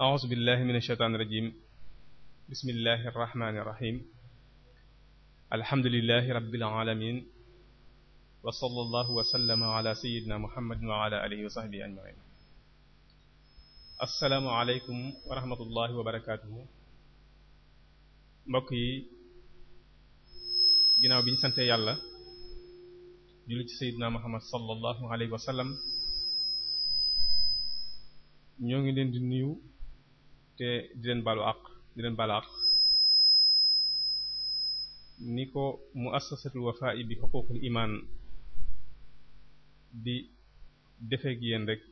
aus billahi min asheytaan irajim bismillahi irrahmani irrahim alhamdulilahi rabbil alamin wa sallallahu wa sallama ala sayidina muhammadin wa ala alihi wa sahbihi ajmain assalaamu aleykum wa rahmatullahi wa barakatuhu mbokk yi ginnaaw bi ñu sante yàlla julli ci sayidina muhammad sallallahu alayhi wa sallam ñoo ngi leen di nuyu te di leen balu àq di leen balu àq ni ko mu muassasatul Wafa'i bi xuququl imaan di defee ak yéen rek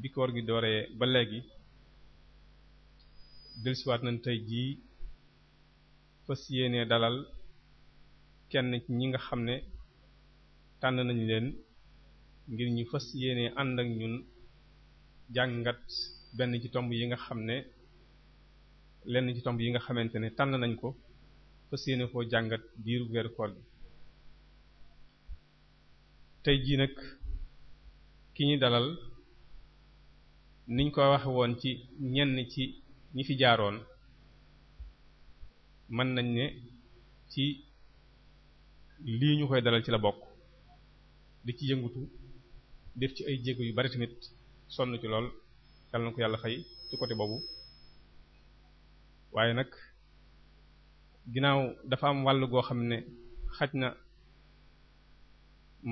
bi koor gi dooree ba léegi dellusiwaat nañ tey jii fas yéene dalal kenn ñi nga xam ne tànn nañ leen ngir ñi fas yéene ànd ak ñun jàngat benn ci tomb yi nga xam ne lenn ci tomb yi nga xamante ne tànn nañ ko fas yéene koo jàngat biir weeru koor bi tey jii nag ki ñu dalal niñ ko waxe woon ci ñenn ci ñi fi jaaroon mën nañ ne ci lii ñu koy dalal ci la bokk di ci yëngutu def ci ay jéego yu bari tamit sonn ci lool yàlla na ko yàlla fay ci côté boobu waaye nag ginnaaw dafa am wàll goo xam ne xaj na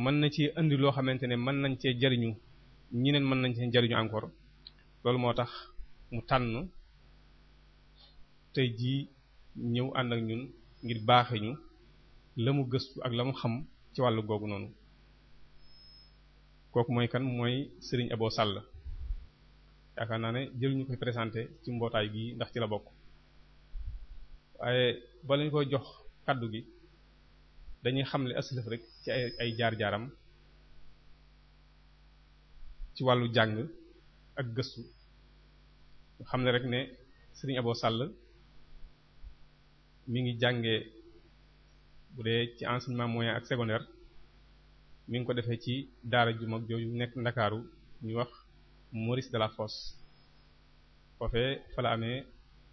mën na ci indi loo xamante ne mën nañ cee jariñu ñeneen mën nañ cee jariñu encore loolu moo tax mu tànn tey jii ñëw ànd ak ñun ngir baaxe la mu gëstu ak la mu xam ci wàll googu noonu kooku mooy kan mooy sëriñ Abo Sall yaakaar naa ne jëruñu koy présenté ci mbootaay gi ndax ci la bokk waaye bala ñu koy jox kaddu gi dañuy xamle aslëf rek ci ay jaar-jaaram ci wàllu jàng ak gëstu xam ne rek ne Serigne Abo Sall mi ngi jàngee bu dee ci enseignement moyen ak secondaire mi ngi ko defee ci daara ju mag jooju nekk Ndakaaru ñuy wax Maurice Delafosse foofee fa la amee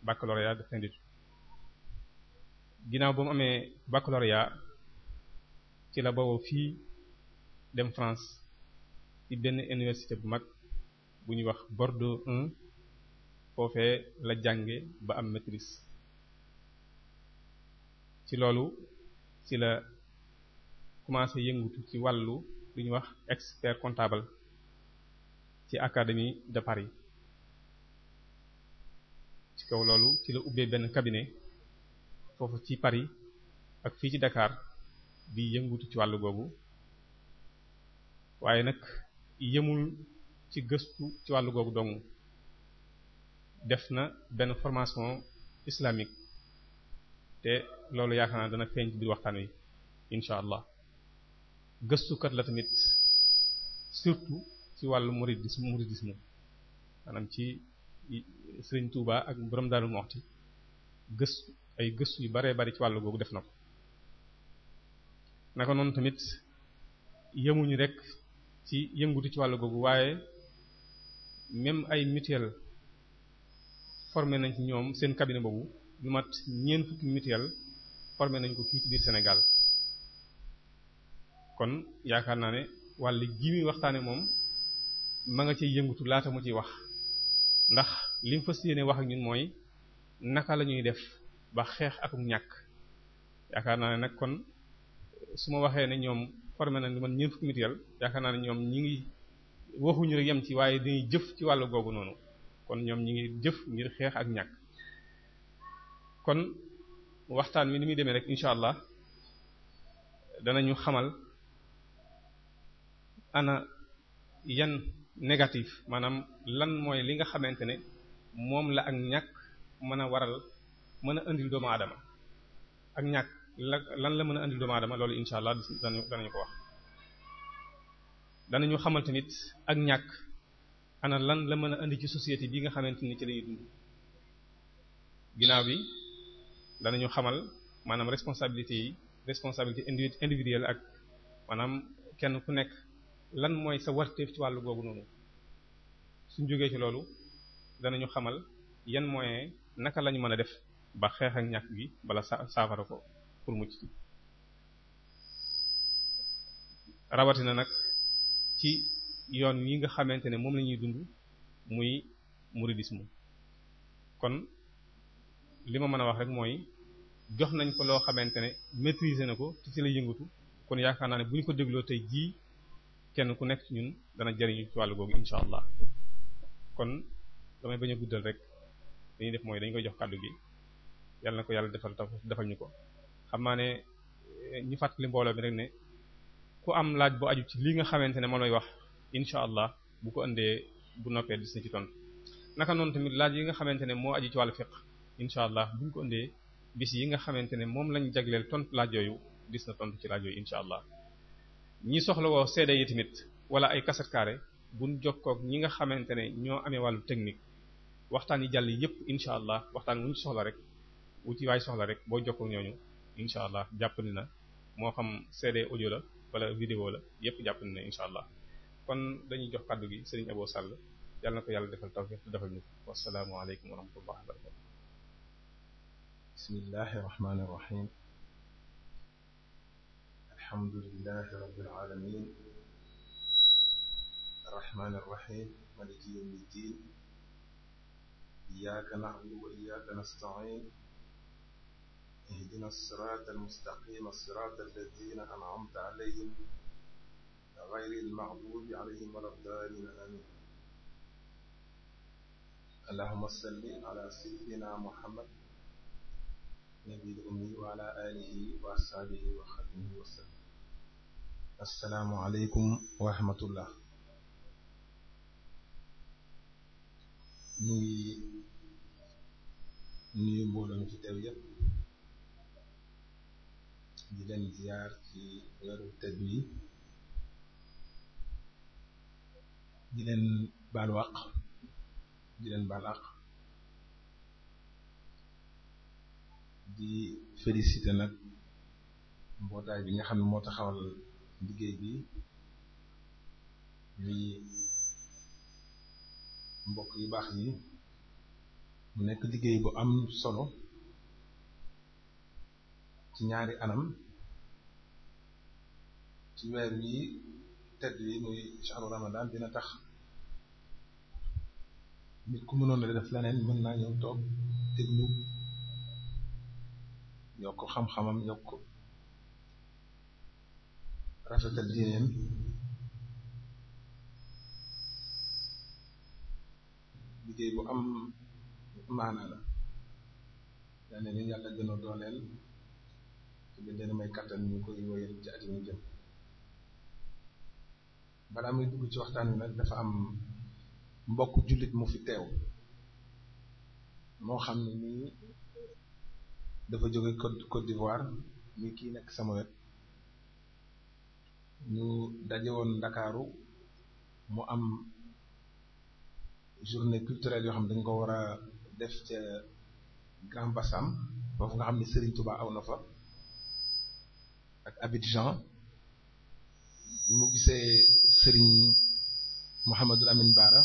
baccalauréat de fin d'études ginnaaw ba mu amee baccalauréat ci la bawoo fii dem France ci benn université bu mag bu ñuy wax Bordeaux foofee la jànge ba am maîtrise ci loolu ci la commencé yëngutu ci wàllu lu ñuy wax expert comptable ci académie de Paris ci kaw loolu ci la ubbee benn cabinet foofu ci Paris ak fii ci Dakar bi yëngutu ci wàll googu waaye nag yëmul ci gëstu ci wàllu googu dong def na benn formation islamique te loolu yaakaar naa dana feeñ ci biir waxtaan wi incha allah gëstukat la tamit surtout ci wàllu mouridisme mouridisme maanaam ci Sëriñ Touba ak borom Daaru Muxti gëstu ay gëstu yu baree bari ci wàllu googu def na ko naka noonu tamit yemuñu rek ci yëngutu ci wàll googu waaye même ay mutuelle formé nañ ci ñoom seen cabinet boobu lu mat ñeent fukki mutuelle formé nañ ko fii ci biir Sénégal kon yaakaar naa ne wàll gi muy waxtaane moom ma nga ciy yëngutu laata mu ciy wax ndax li mu fas yéene wax ak ñun mooy naka la ñuy def ba xeex akum ñàkk yaakaar naa ne nag kon su ma waxee ne ñoom formé na ni man ñeent fukki mutuelle yaakaar naa ne ñoom ñi ngi waxuñu rek yam ci waaye dañuy jëf ci wàllu googu noonu kon ñoom ñi ngi jëf ngir xeex ak ñàkk kon waxtaan wi ni muy demee rek incha allah danañu xamal ana yan négatif maanaam lan mooy li nga xamante ne moom la ak ñàkk mën a waral mën a indil doomu aadama ak ñàkk la lan la mën a indil doomu aadama loolu incha allah danañu danañu ko wax. dana danañu xamante nit ak ñàkk ana lan la mën a indi ci société bi nga xamante ni ci lañuy dund ginnaaw bi danañu xamal maanaam responsabilité yi responsabilité individuelle ak maanaam kenn ku nekk. lan mooy sa warteef ci wàllu googu noonu suñ jógee ci loolu danañu xamal yan moyen naka lañu mën a def ba xeex ak ñàkk gi bala sa saafara ko pour mucc ci rawatina nag ci yoon yi nga xamante ne moom la ñuy dund muy mouridisme kon li ma mën a wax rek mooy jox nañ ko loo xamante ne maîtriser na ko te ci la yëngatu kon yaakaar naa ne bu ñu ko dégloo tey jii kenn ku nekk ñun dana jariñu ci wàllu googu incha allah kon damay bañ a guddal rek li def mooy dañ koy jox kàddu gi yàlla na ko yàlla defal taf defal ñu ko xam naa ne eh, ñu fàttali mbooloo bi rek ne ku am laaj bu aju ci li nga xamante ne moom lay wax incha allah bu ko indee bu noppee dis na ci naka noonu tamit laaj yi nga xamante ne moo aju ci wàllu fiqh incha allah bu ko indee bis yi nga xamante ne moom lañ jagleel tontu laaj yooyu dis na tontu ci laaj yooyu incha allah. ñi soxla woo seede yi tamit wala ay kaset carré buñ jokkoog ñi nga xamante ne ñoo amee wàllu technique waxtaan yi jàll yëpp incha allah waxtaan wuñ soxla rek wuti waay soxla rek boo jokkoog ñooñu incha allah jàpp ni moo xam CD audio la wala vidéo la yëpp jàpp ni na incha allah kon dañuy jox kàddu gi sëriñ Abo Sall yàlla na ko yàlla defal tawfiq te defal ñu wasalaamualeykum wa rahmatullahi wa barakatu bismillahi rahim الحمد لله رب العالمين الرحمن الرحيم مالك يوم الدين إياك نعبد وإياك نستعين اهدنا الصراط المستقيم الصراط الذين أنعمت عليهم غير المغضوب عليهم ولا الضالين آمين اللهم صل على سيدنا محمد نبي الأمي وعلى آله وأصحابه وخدمه وسلم asalaamualeykum wa rahmatullah ñu ngi nuyu mbooloo mi ci teew yépp di leen ziar ci weeru tedd yi di leen baal waq di leen baal àq di félicité nag mbootaay bi nga xam ne moo taxawal liggéey bi ñuy mbokk yu baax yi mu nekk liggéey bu am solo ci ñaari anam ci weer yi tedd yi muy shahru ramadan dina tax nit ku mënoon a def leneen mën naa ñëw toog déglu yokk xam-xamam yokk rafetal diineem liggéey bu am maana la yaa ne ni yàlla gën a dooleel te gën leen may kattan ñu koy woyal ci at jëm balaa muy dugg ci waxtaan wi nag dafa am mbokk jullit mu fi teew moo xam ne nii dafa jóge Côte Côte d'Ivoire mi kii nekk sama wet ñu daje woon ndakaaru mu am journée culturelle yoo xam dañ ko war a def ca Grand Bassam foofu nga xam ne Serigne tubaa aw na fa ak Abidjan bi mu gisee Serigne Mouhamadou Amine Bara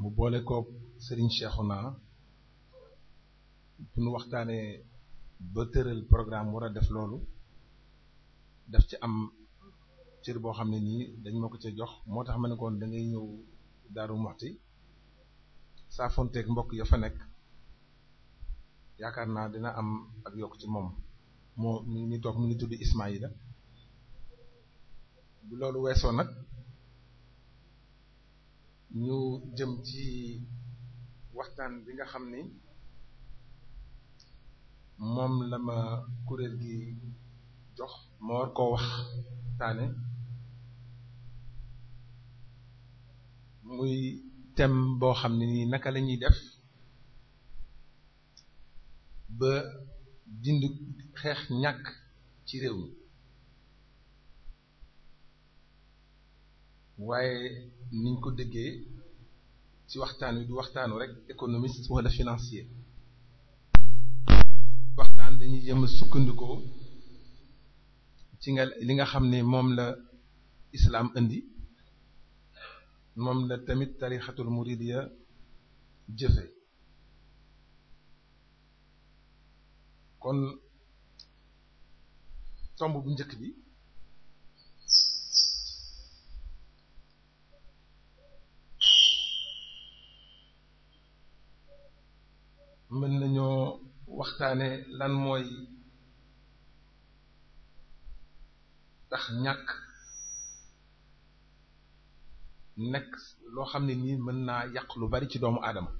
mu boole koog Serigne Cheikhouna pour nu waxtaanee. ba tëral programme war a def loolu daf ci am cër boo xam ne nii dañ ma ko ca jox moo tax ma ne koon ñëw Daaru Muxti saa fonteeg mbokk ya fa nekk yaakaar naa dina am ak yokk ci moom moo mu ngi toog mi ngi tudd Ismaïla bu loolu weesoo nag ñu jëm ci waxtaan bi nga xam ni moom la ma kuréel gi jox ma war koo wax taane muy thème boo xam ne nii naka lañuy def ba dindi xeex ñàkk ci réew mi waaye niñ ko déggee ci waxtaan wi du waxtaanu rek économiste wala financier dañuy jéem a ci li nga xam ne moom la islaam indi moom la tamit tarixatul muridiya jëfe kon tomb bu njëkk bi mën nañoo waxtaane lan mooy tax ñàkk nekk loo xam ne nii mën naa yàq lu bari ci doomu aadama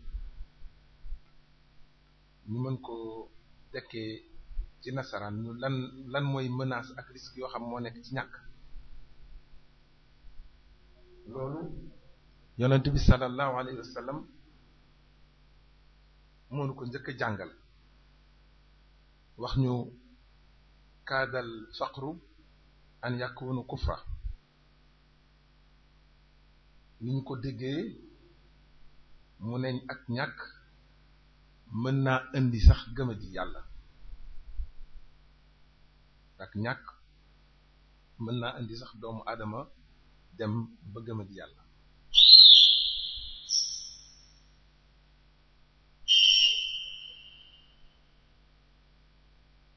ñu mën ko tekkee ci nasaraan ñu lan lan mooy mënaas ak risque yoo xam moo nekk ci ñàkk loolu yonent bi sallallahu alayhi wa sallam nu ko njëkk a jàngal wax ñu kaadal faqru an yakunu kufra ni ñu ko déggee mu neñ ak ñàkk mën naa indi sax gëma yàlla ak ñàkk mën naa indi sax doomu aadama dem ba gëma yàlla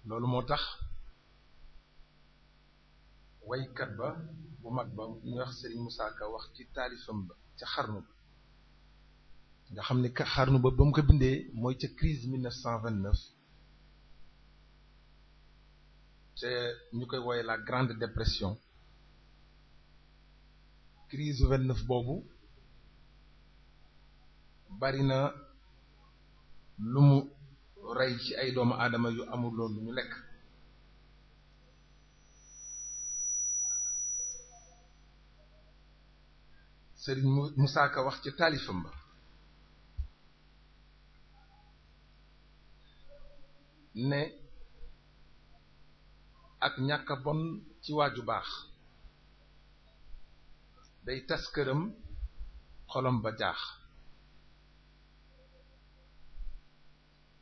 loolu moo tax waykat ba bu mag ba ñu wax Serigne Moussa Ka wax ci taalifam ba ca xarnu ba nga xam ne xarnu ba ba mu ko bindee mooy ca crise 1929 te ñu koy wooye la grande dépression crise 29 boobu bari na lu mu rey ci ay doomu aadama yu amul loolu lu ñu lekk sëriñ Musaa Ka wax ca taalifam ba ne ak ñàkk bon ci waaju baax day tas këram xolom ba jaax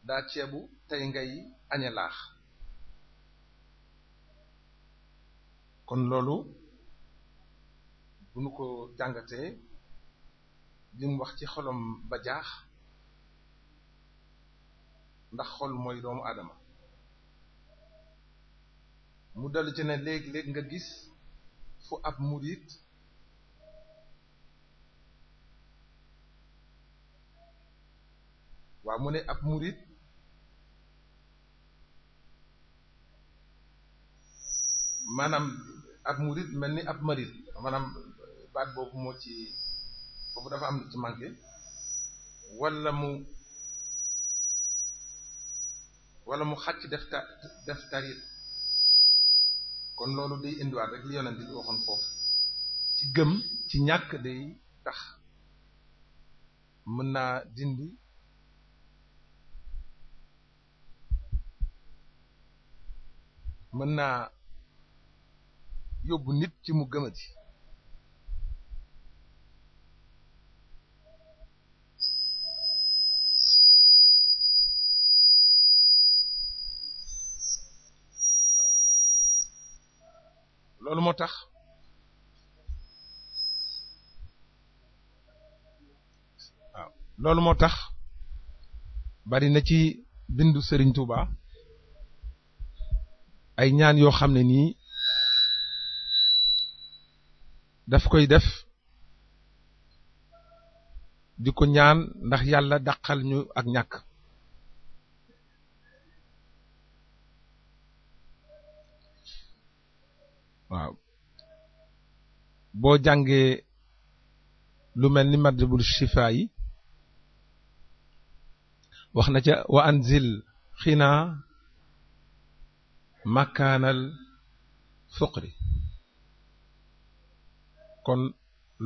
daa ceebu tey ngay añe kon loolu bu nu ko jàngatee li wax ci xolam ba jaax ndax xol mooy doomu aadama mu dellu ci ne léeg-léeg nga gis fu ab murit waa mu ne ab murit maanaam ab murid mel ni ab marid maanaam baat boobu moo ci foofu dafa am ci manqué wala mu wala mu xàcc def ta def kon loolu day indiwaat rek li yonent bi waxoon foofu ci gëm ci ñàkk day tax mën naa dindi mën naa yóbbu nit ci mu gëmati loolu moo tax waaw loolu moo tax bari na ci bindu Serigne Touba ay ñaan yoo xam ne nii daf koy def di ko ñaan ndax yàlla daqal ñu ak ñàkk waaw boo jàngee lu mel ni madribul shifa yi wax na ca wa anzil xinaa makaanal fuqri kon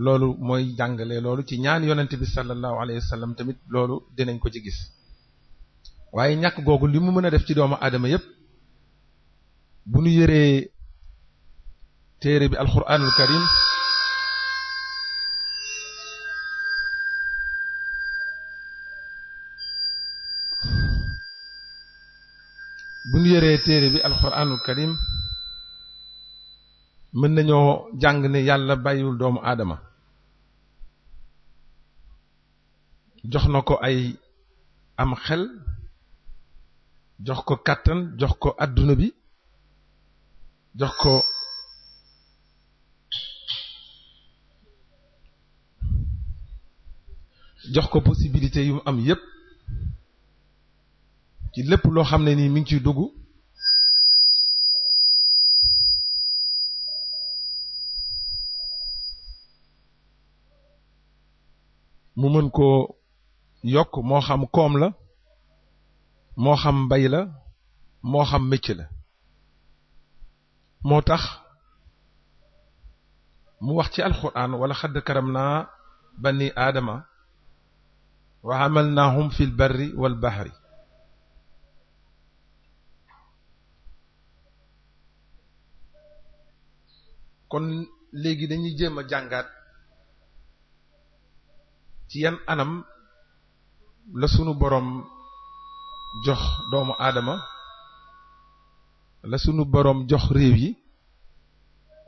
loolu mooy jàngale loolu ci ñaan yonent bi sallallahu alayhi wa tamit loolu dinañ ko ci gis waaye ñàkk googu limu mën a def ci doomu aadama yépp bu nu yëree téere bi alxuraanul karim bu nu yëree téere bi alxuraanul karim mën nañoo jàng ne yàlla bàyyiwul doomu aadama jox na ko ay am xel jox ko kàttan jox ko àdduna bi jox ko jox ko possibilité yu mu am yépp ci lépp loo xam ne nii mi ngi ciy dugg mu mën koo yokk moo xam koom la moo xam mbay la moo xam mécc la moo tax mu wax ci alquran wala xadd karam naa bani aadama wa amalnaahum fi lbarri walbahri kon léegi dañuy jéem a jàngaat ci yan anam la sunu boroom jox doomu aadama la sunu boroom jox réew yi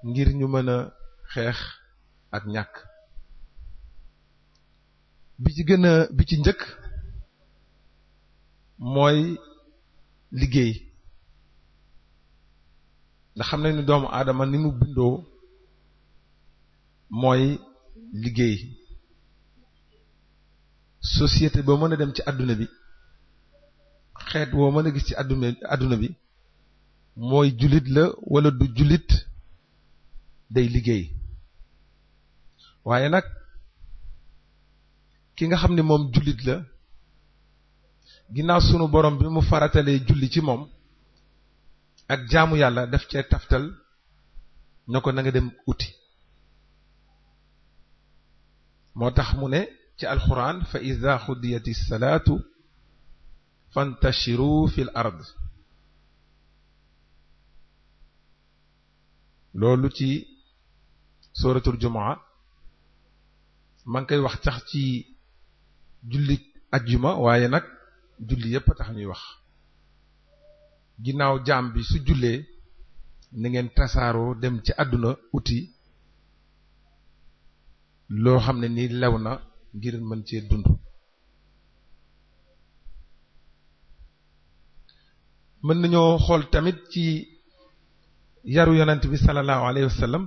ngir ñu mën a xeex ak ñàkk bi ci gën bi ci njëkk mooy liggéey ndax xam nañ ni doomu aadama ni mu bindoo mooy liggéey société boo mën a dem ci àdduna bi xeet woo mën a gis ci àdduna àdduna bi mooy jullit la walla du jullit day liggéey waaye nag ki nga xam ni moom jullit la ginnaaw sunu borom bi mu faratalee julli ci moom ak jaamu yàlla def cee taftal na ko nanga dem uti moo tax mu ne ci alxuraan fa ida xudiyat salaatu fantashiru fi ard loolu ci suratul jumaa ma ngi koy wax tax ci julli ajjuma waaye nag julli yépp tax ñuy wax ginnaaw jaam bi su jullee na ngeen tasaaroo dem ci àdduna uti loo xam ne ni lew na ngir mën cee dund mën nañoo xool tamit ci yaru yonent bi sallallahu alayhi wa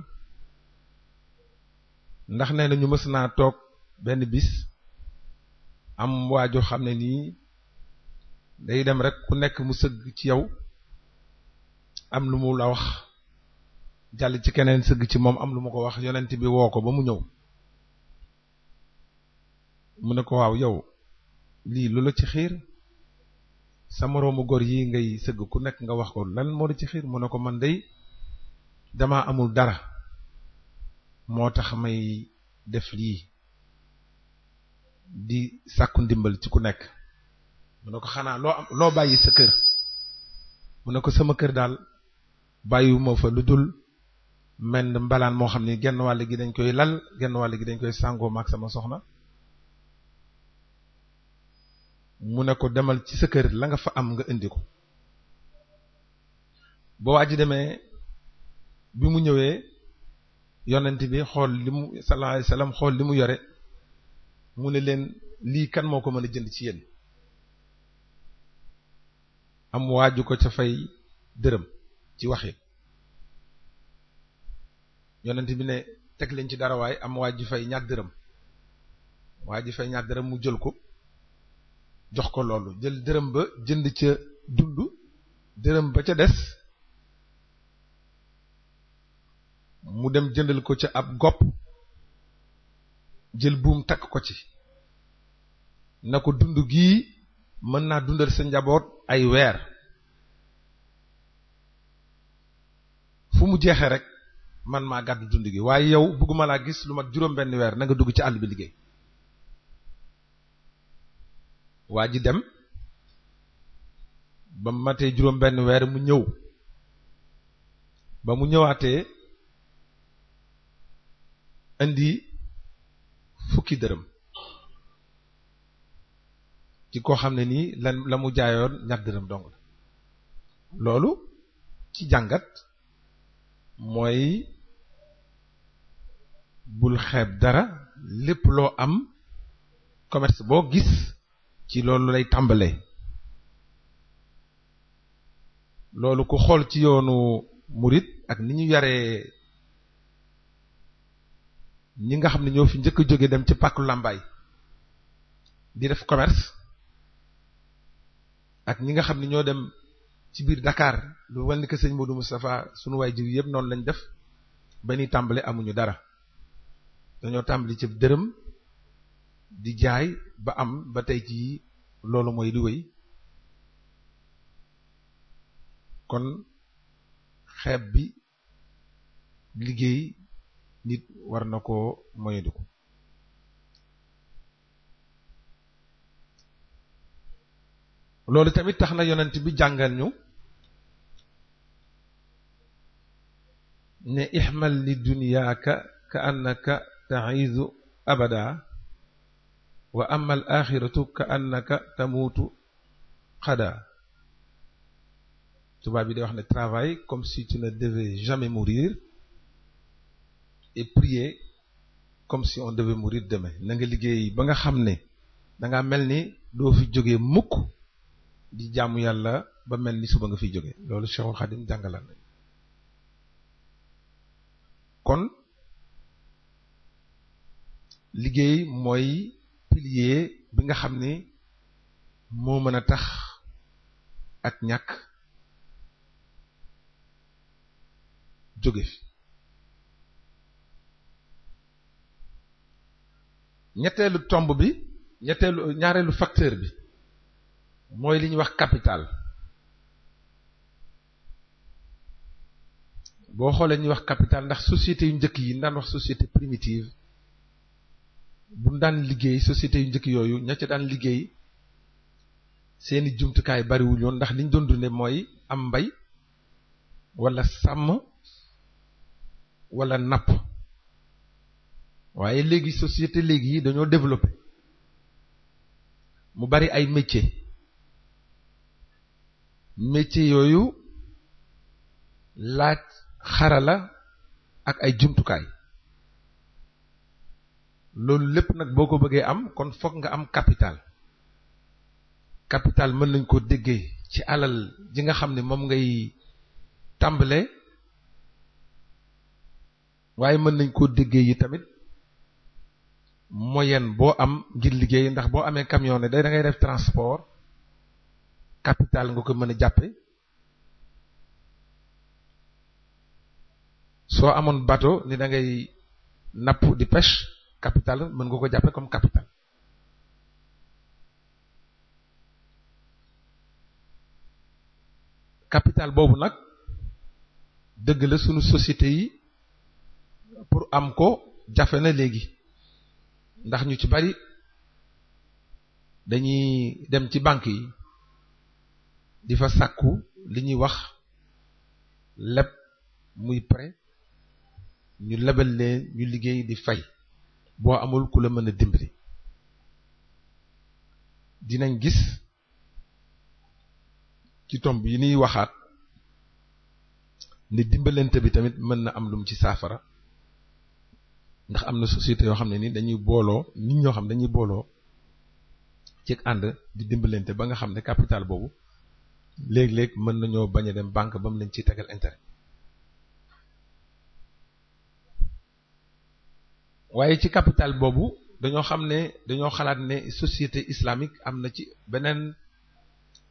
ndax nee na ñu mës naa toog benn bis am waajoo xam ne nii day dem rek ku nekk mu sëgg ci yow am lu mu la wax jàll ci keneen sëgg ci moom am lu ma ko wax yonent bi woo ko ba mu ñëw mu ne ko waaw yow lii lu la ci xiir sa moroomu góor yi ngay sëgg ku nekk nga wax ko lan moo la ci xiir mu ne ko man day damaa amul dara moo tax may def lii di sàkku ndimbal ci ku nekk mu ne ko xanaa loo am loo bàyyi sa kër mu ne ko sama kër daal bàyyiwuma fa lu dul mel balaan moo xam ne genn wàll gi dañ koy lal genn wàll gi dañ koy sàngoo ak sama soxna mu ne ko demal ci sa kër la nga fa am nga indi ko ba waa ji demee bi mu ñëwee yonent bi xool li mu sallallahu alayhi wasallam xool li mu yore mu leen lii kan moo ko mën a jënd ci yéen am waaju ko ca fay dërëm ci waxi yonent bi ne teg leen ci dara waaye am waaju fay ñaar dërëm waaj ji fay ñaar dërëm mu jël ko jox ko loolu jël dërëm ba jënd ca dund dërëm ba ca des mu dem jëndal ko ca ab gopp jël buum takk ko ci na ko dund gii mën naa dundal sa njaboot ay weer fu mu jeexee rek man maa gàddu dund gi waaye yow bëgguma laa gis lu mat juróom benn weer na nga dugg ci àll bi liggéey waa ji dem ba mate matee juróom benn weer mu ñëw ba mu ñëwaatee indi fukki dërëm ci koo xam ne nii lan la mu jaayoon ñaar dërëm dong la loolu ci jàngat mooy bul xeeb dara lépp loo am commerce boo gis ci loolu lay tàmbalee loolu ku xool ci yoonu murit ak ni ñu yaree ñi nga xam ne ñoo fi njëkk a jóge dem ci pàkku làmbaay di def commerce ak ñi nga xam ne ñoo dem ci biir Dakar lu mel ni sëñ sëñ Modou Moustapha sunu waay jiw yëpp noonu lañ def ba ñuy tàmbale amuñu dara dañoo tàmbali ci dërëm di jaay ba am ba tey ci loolu mooy di wéy kon xeeb bi liggéey nit war na koo moyadiku loolu tamit tax na yonent bi jàngal ñu ne ixmal li dunyaaka ka annaka ta'izu abada wa amma al axiratu ka annaka tamuutu xada tubaab bi day wax ne travaille comme si tu ne devais jamais mourir et prier comme si on devait mourir demain na nga liggéey ba nga xam ne danga mel ni doo fi jógee mukk di jaamu yàlla ba mel ni suba nga fiy jóge loolu Cheikhul Khadim jàngalaan nañ kon liggéey mooy pilier bi nga xam ni moo mën a tax ak ñàkk jóge fi ñetteelu tomb bi ñetteelu ñaareelu facteur bi mooy li ñuy wax capital boo xoolee ñuy wax capital ndax société yu njëkk yi ndaan wax société primitive bu daan liggéey société yu njëkk yooyu ña daan liggéey seeni jumtukaay bariwul yoon ndax liñ doon ne mooy am mbay walla sàmm wala napp waaye léegi société léegi yi dañoo développé mu bari ay métier métier yooyu laaj xarala ak ay jumtukaay loolu lépp nag boo ko bëggee am kon fokk nga am capital capital mën nañ koo déggee ci alal ji nga xam ne moom ngay tàmbalee waaye mën nañ koo déggee yi tamit moyen boo am ngir liggéey ndax boo amee camion ne day dangay ngay def transport capital nga ko mën a jàppe soo amoon bateau ni dangay napp di pêche capital mën nga ko jàppe comme capital capital boobu nag dëgg la sunu société yi pour am ko jafe na léegi ndax ñu ci bari dañuy dem ci banque yi di fa sàkku li ñuy wax leb muy prêt ñu lebal leen ñu liggéey di fay boo amul ku la mën a dimbali dinañ gis ci tomb yi niy waxaat ni dimbalante bi tamit mën na am lum ci saafara ndax am na société yoo xam ne ni dañuy booloo nit ñoo xam dañuy booloo ci ànd di dimbalante ba nga xam ne capital boobu léeg-léeg mën nañoo bañ a dem banque ba mu leen ciy tegal intérêt waaye ci capital boobu dañoo xam ne dañoo xalaat ne société islamique am na ci beneen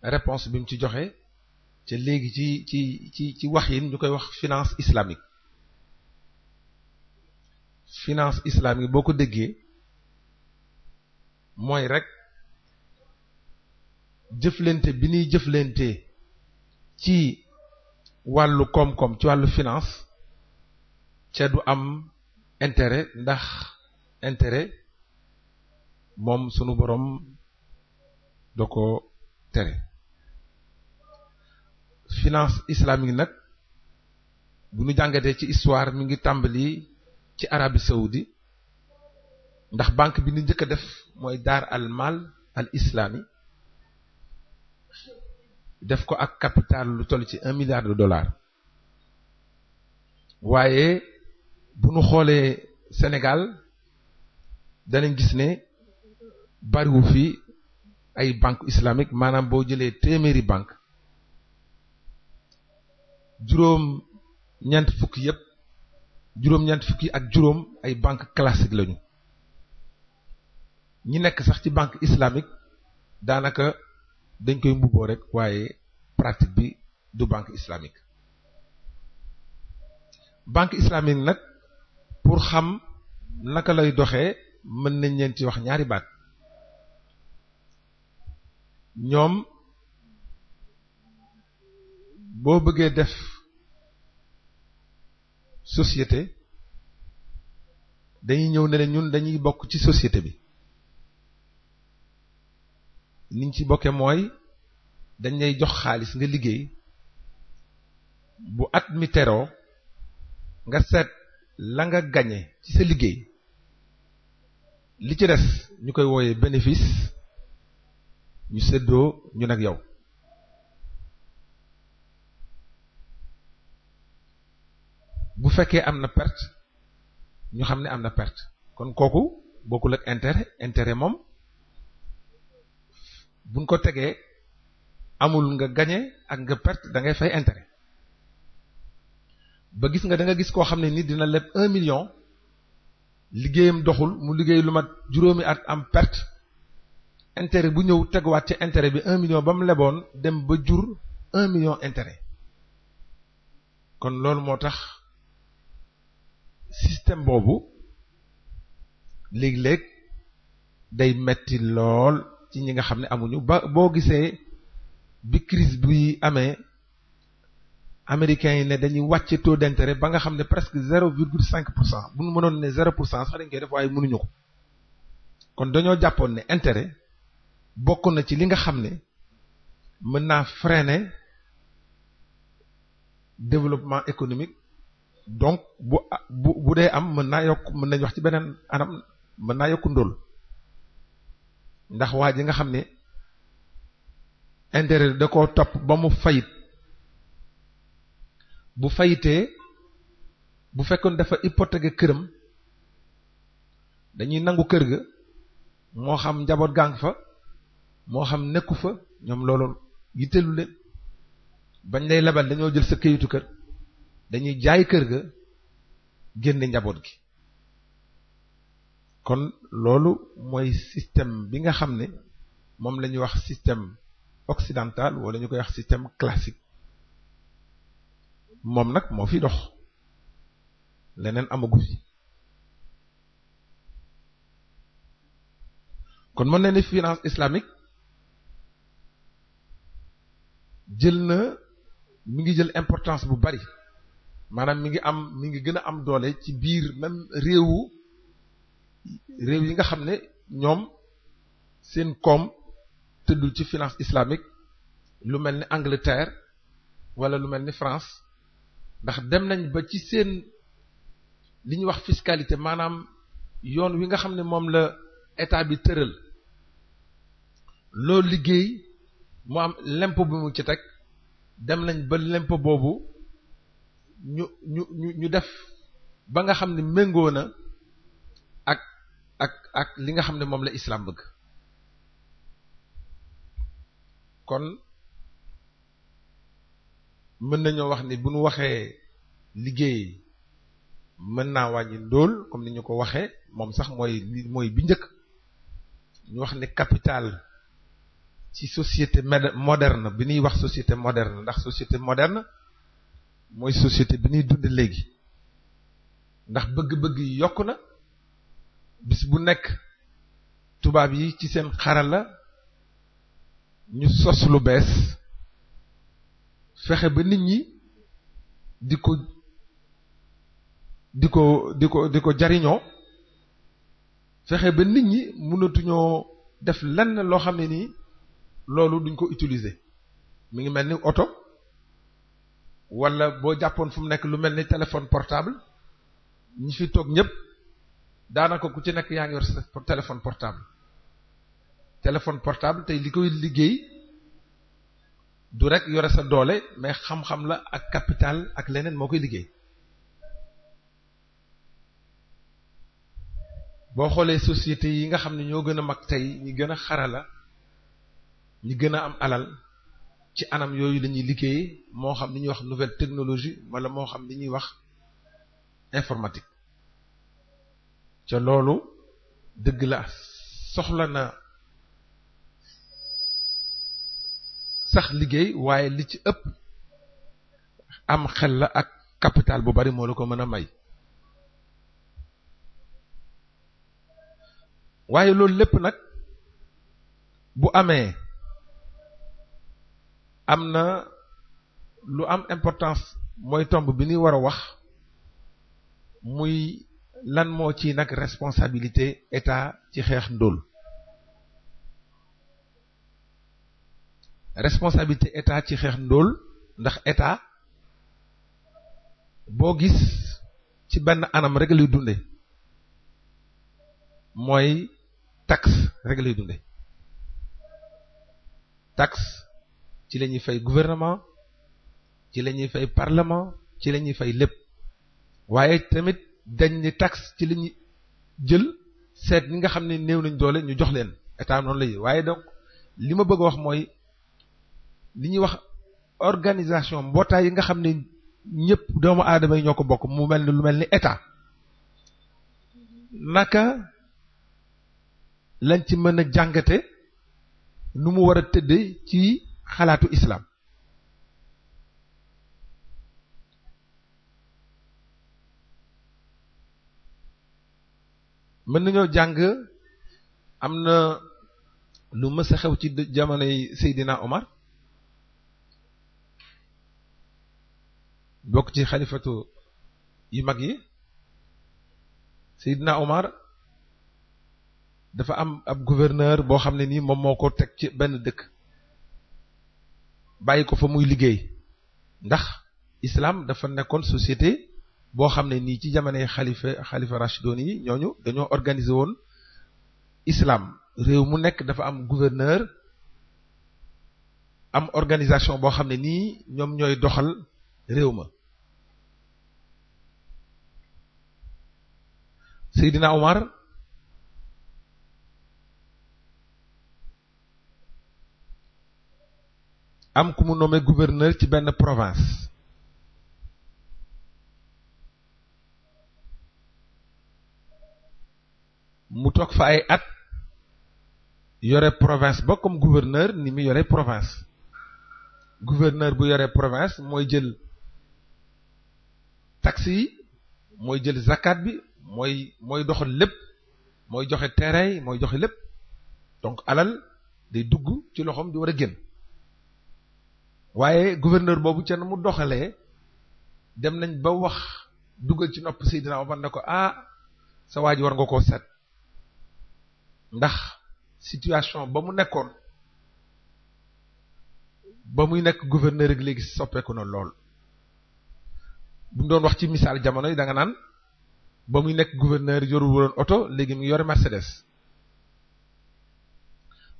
réponse bim ci joxe ca léegi ci ci ci ci wax yi ñu koy wax finance islamique finance islamique boo ko déggee mooy rek jëflante bi ñuy jëflente ci wàllu koom-koom ci wàllu finance ca du am intérêt ndax intérêt moom sunu boroom da ko tere finance islamique nag bu ñu jàngatee ci histoire mi ngi tàmbali ci Arabie saoudi ndax banque bi ñu njëkk a def mooy daar al mal al islami def ko ak capital lu toll ci un milliard de dollars waaye bu nu xoolee Sénégal danañ gis ne bariwu fi ay banque islamique maanaam boo jëlee téeméeri banque juróom ñeent fukki yépp juróom ñeent fukki ak juróom ay banque classique lañu ñi nekk sax ci banque islamique daanaka dañ koy mbubboo rek waaye pratique bi du banque islamique banque islamique nag pour xam naka lay doxee mën nañ leen ci wax ñaari baat ñoom boo bëggee def société dañuy ñëw ne ñun dañuy bokk ci société bi niñ ci bokkee mooy dañ lay jox xaalis nga liggéey bu at mi nga seet la nga gañe ci sa liggéey li ci des ñu koy wooyee bénéfice ñu séddoo ñu nag yow bu fekkee am na perte ñu xam ne am na perte kon kooku bokkul ak intérêt intérêt moom buñ ko tegee amul nga gañe ak nga perte da ngay fay intérêt ba gis nga da nga gis koo xam ne ni dina leb un million liggéeyam doxul mu liggéey lu ma juróomi ak am perte intérêt bu ñëw teguwaat ci intérêt bi un million ba mu leboon dem ba jur un million intérêt kon loolu moo tax système boobu léeg-léeg day metti lool ci ñi nga xam ne amuñu ba boo gisee bi crise bi amee américains yi ne dañuy wàcce taux d'intérêt ba nga xam ne presque zéro virgule cinq pour cent bu mu mënoon ne zéro pour cent sax dañ koy def waaye mënuñu ko kon dañoo jàppoon ne intérêt bokk na ci li nga xam ne mën naa freiner développement économique donc bu bu dee am mën naa yokk mën nañ wax ci beneen anam mën naa yokk ndax waa ji nga xam ne intérêt da koo topp ba mu fayit bu faytee bu fekkoon dafa hypothéquer këram dañuy nangu kër ga moo xam njaboot gang fa moo xam nekku fa ñoom loolu yitteelu leen bañ lay lebal dañoo jël sa këyitu kër dañuy jaay kër ga génne njaboot gi kon loolu mooy système bi nga xam ne moom la ñuy wax système occidental walla ñu koy wax système classique moom nag moo fi dox leneen amagu fi kon mën na ni finance islamique jël na mi ngi jël importance bu bari maanaam mi ngi am mi ngi gën a am doole ci biir même réewu réew yi nga xam ne ñoom seen koom tëddul ci finance islamique lu mel ni Angleterre wala lu mel ni France ndax dem nañ ba ci seen li ñuy wax fiscalité maanaam yoon wi nga xam ne moom la état bi tëral loo liggéey mu am l'impôt bi mu ci teg dem nañ ba l'impôt boobu ñu ñu ñu ñu def ba nga xam ne méngoo na ak ak ak li nga xam ne moom la islam bëgg kon mën nañoo wax ni bu ñu waxee liggéey mën naa wàññi ndóol comme ni ñu ko waxee moom sax mooy mooy bi njëkk ñu wax ni capital ci société moderne bi ñuy wax société moderne ndax société moderne mooy société bi ñuy dund léegi ndax bëgg-bëgg yi na bis bu nekk tubaab yi ci seen xarala ñu sos lu bees fexe ba nit ñi di ko di ko di ko di ko jariñoo fexe ba nit ñi mënatuñoo def lenn loo xam ne nii loolu duñ ko utiliser mu ngi mel ni oto wala boo jàppoon fu mu nekk lu mel ni téléphone portable ñi fi toog ñépp daanaka ku ci nekk yaa ngi yor sa téléphone portable téléphone portable tey li koy liggéey du rek yore sa doole mais xam-xam la ak capital ak leneen moo koy liggéey boo xoolee sociétés yi nga xam ne ñoo gën a mag tey ñi gën a xarala ñi gën a am alal ci anam yooyu la ñuy liggéey moo xam li ñuy wax nouvelle technologie wala moo xam li ñuy wax informatique ca loolu dëgg la soxla na sax liggéey waaye li ci ëpp am xel la ak capital bu bari moo la ko mën a may waaye loolu lépp nag bu amee am na lu am importance mooy tomb bi ñuy war a wax muy lan moo ci nag responsabilité état ci xeex ndóol responsabilité état ci xeex ndool ndax état boo gis ci benn anam rek lay dunde mooy taxe rek lay dunde taxe ci lañuy fay gouvernement ci la ñuy fay parlement ci lañuy fay lépp waaye tamit dañ ni taxe ci la ñuy jël seet ñi nga xam ne néew nañ doole ñu jox leen état noonu la waaye donc li ma bëgg a wax mooy li ñuy wax organisation mbootaay yi nga xam ne ñëpp doomu aadama yi ñoo ko bokk mu mel ni lu mel ni état naka lañ ci mën a jàngate nu mu war a tëdde ci xalaatu islaam mën nañoo jàng am na lu mës xew ci jamonoy Seydina Omar bokk ci xalifatu yu mag yi Seydina Omar dafa am ab gouverneur boo xam ne nii moom moo ko teg ci benn dëkk bàyyi ko fa muy liggéey ndax islam dafa nekkoon société boo xam ne nii ci jamonoy xalifa xalifa Rashidun yi ñooñu dañoo organiser woon islaam réew mu nekk dafa am gouverneur am organisation boo xam ne nii ñoom ñooy doxal réew ma Seydina Omar am ku mu nommé gouverneur ci benn province mu toog fa ay at yore province ba comme gouverneur ni mu yore province gouverneur bu yore province mooy jël taxe mooy jël zakat bi mooy mooy doxal lépp mooy joxe terrain mooy joxe lépp donc alal day dugg ci loxoom di war a génn waaye gouverneur boobu ca mu doxalee dem nañ ba wax duggal ci nopp Seydina Omar ko ah sa waa war nga koo seet ndax situation ba mu nekkoon ba muy nekk gouverneur ak léegi soppeeku na lool bu ñu doon wax ci misaal jamono yi da nga naan ba muy nekk gouverneur yorul woon oto léegi mu ngi yore Mercedes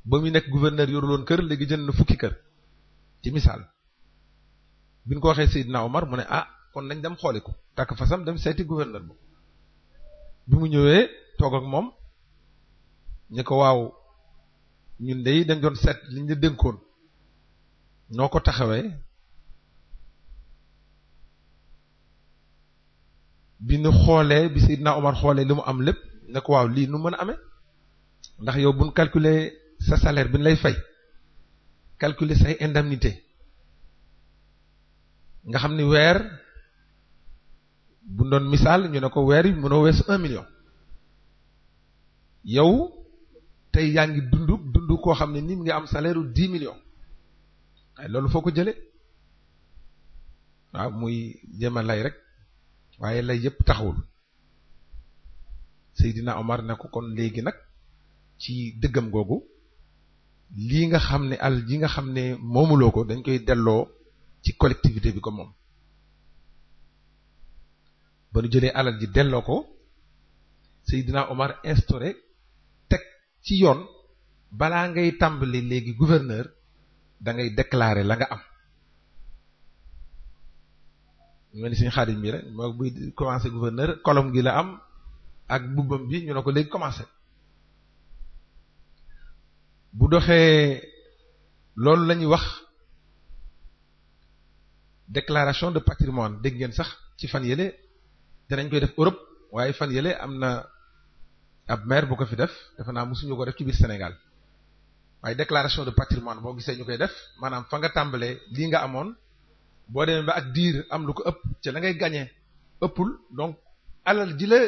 ba muy nekk gouverneur yorul woon kër léegi jënd na fukki kër ci misaal bi ñu ko waxee Seydina Omar mu ne ah kon nañ dem xooli ko takk fasam dem seeti gouverneur bu bi mu ñëwee toog ak moom ñu ko waaw ñun de dañ doon seet liñ la dénkoon noo ko taxawee. bi nu xoolee bi si Seydina Omar xoolee li mu am lépp ne ko waaw lii nu mën a amee ndax yow buñ calculer sa salaire bi ñu lay fay calculer say indemnité nga xam ni weer bu doon misaal ñu ne ko weer mu mënoo weesu un million yow tey yaa ngi dund dund koo xam ne nit nga am salaire u dix millions waaye loolu foo ko jële waaw muy jéem a lay rek waaye lay yëpp taxawul Seydina Omar ne ko kon léegi nag ci dëggam googu lii nga xam ne al ji nga xam ne moomuloo ko dañ koy delloo ci collectivité bi ko moom ba nu jëlee alal ji delloo ko Seydina Omar instauré teg ci yoon balaa ngay tàmbali léegi gouverneur da ngay déclarer la nga am mel suñu xaadim bi rek moo buy commencé gouverneur kolom gi la am ak mbubbam bi ñu ne ko léegi commencé bu doxee loolu lañuy wax déclaration de patrimoine dégg ngeen sax ci fan yële danañ koy def Europe waaye fan yële am na ab maire bu ko fi def defe naa mosuñu ko def ci biir Sénégal waaye déclaration de patrimoine boo gisee ñu koy def maanaam fa nga tàmbalee lii nga amoon boo demee ba ak diir am lu ko ëpp ci la ngay gañee ëppul donc alal ji la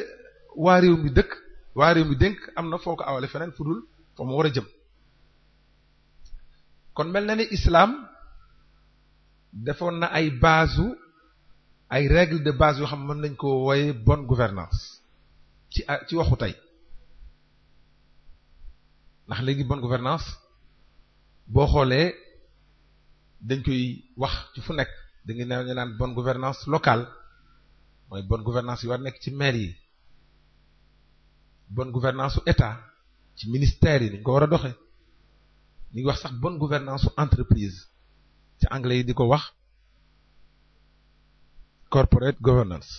mi dëkk waa réew mi dénk am na foo ko awale feneen fu dul fa mu war a jëm kon mel na ni islam defoon na ay base ay règles de base yoo xam mën nañ koo wooye bon gouvernance ci ci waxu tey ndax léegi bon gouvernance boo xoolee dañ koy wax ci fu nekk da ngi ne ñu naan bonne gouvernance locale mooy bon gouvernance yu war nekk ci maire yi bon gouvernance su état ci ministère yi ni ñu ko war a doxee ñu ngi wax sax bonne gouvernance su entreprise ci anglais yi di ko wax corporate governance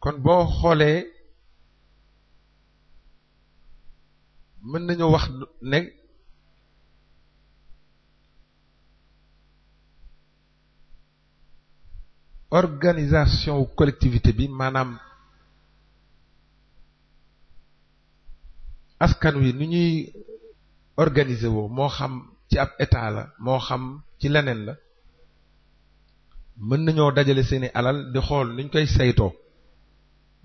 kon boo xoolee mën nañoo wax ne organisation collectivité bi maanaam askan wi nu ñuy organiser woo moo xam ci ab état la moo xam ci leneen la mën nañoo dajale seeni alal di xool nuñ koy saytoo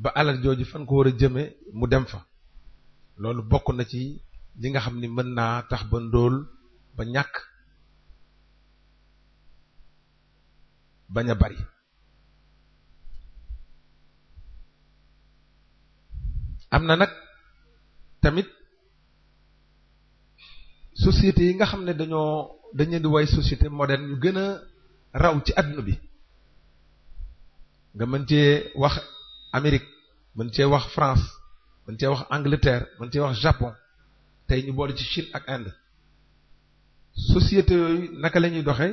ba alal jooju fan ko war a jëme mu dem fa loolu bokk na ci li nga xam ni mën naa tax ba ndóol ba ñàkk bañ a bari am na nag tamit société yi nga xam ne dañoo dañ leen di way société moderne yu gën a raw ci àdduna bi nga mën cee wax Amérique mën cee wax France mën cee wax Angleterre mën cee wax Japon tey ñu boole ci Chine ak Inde société yooyu naka la ñuy doxe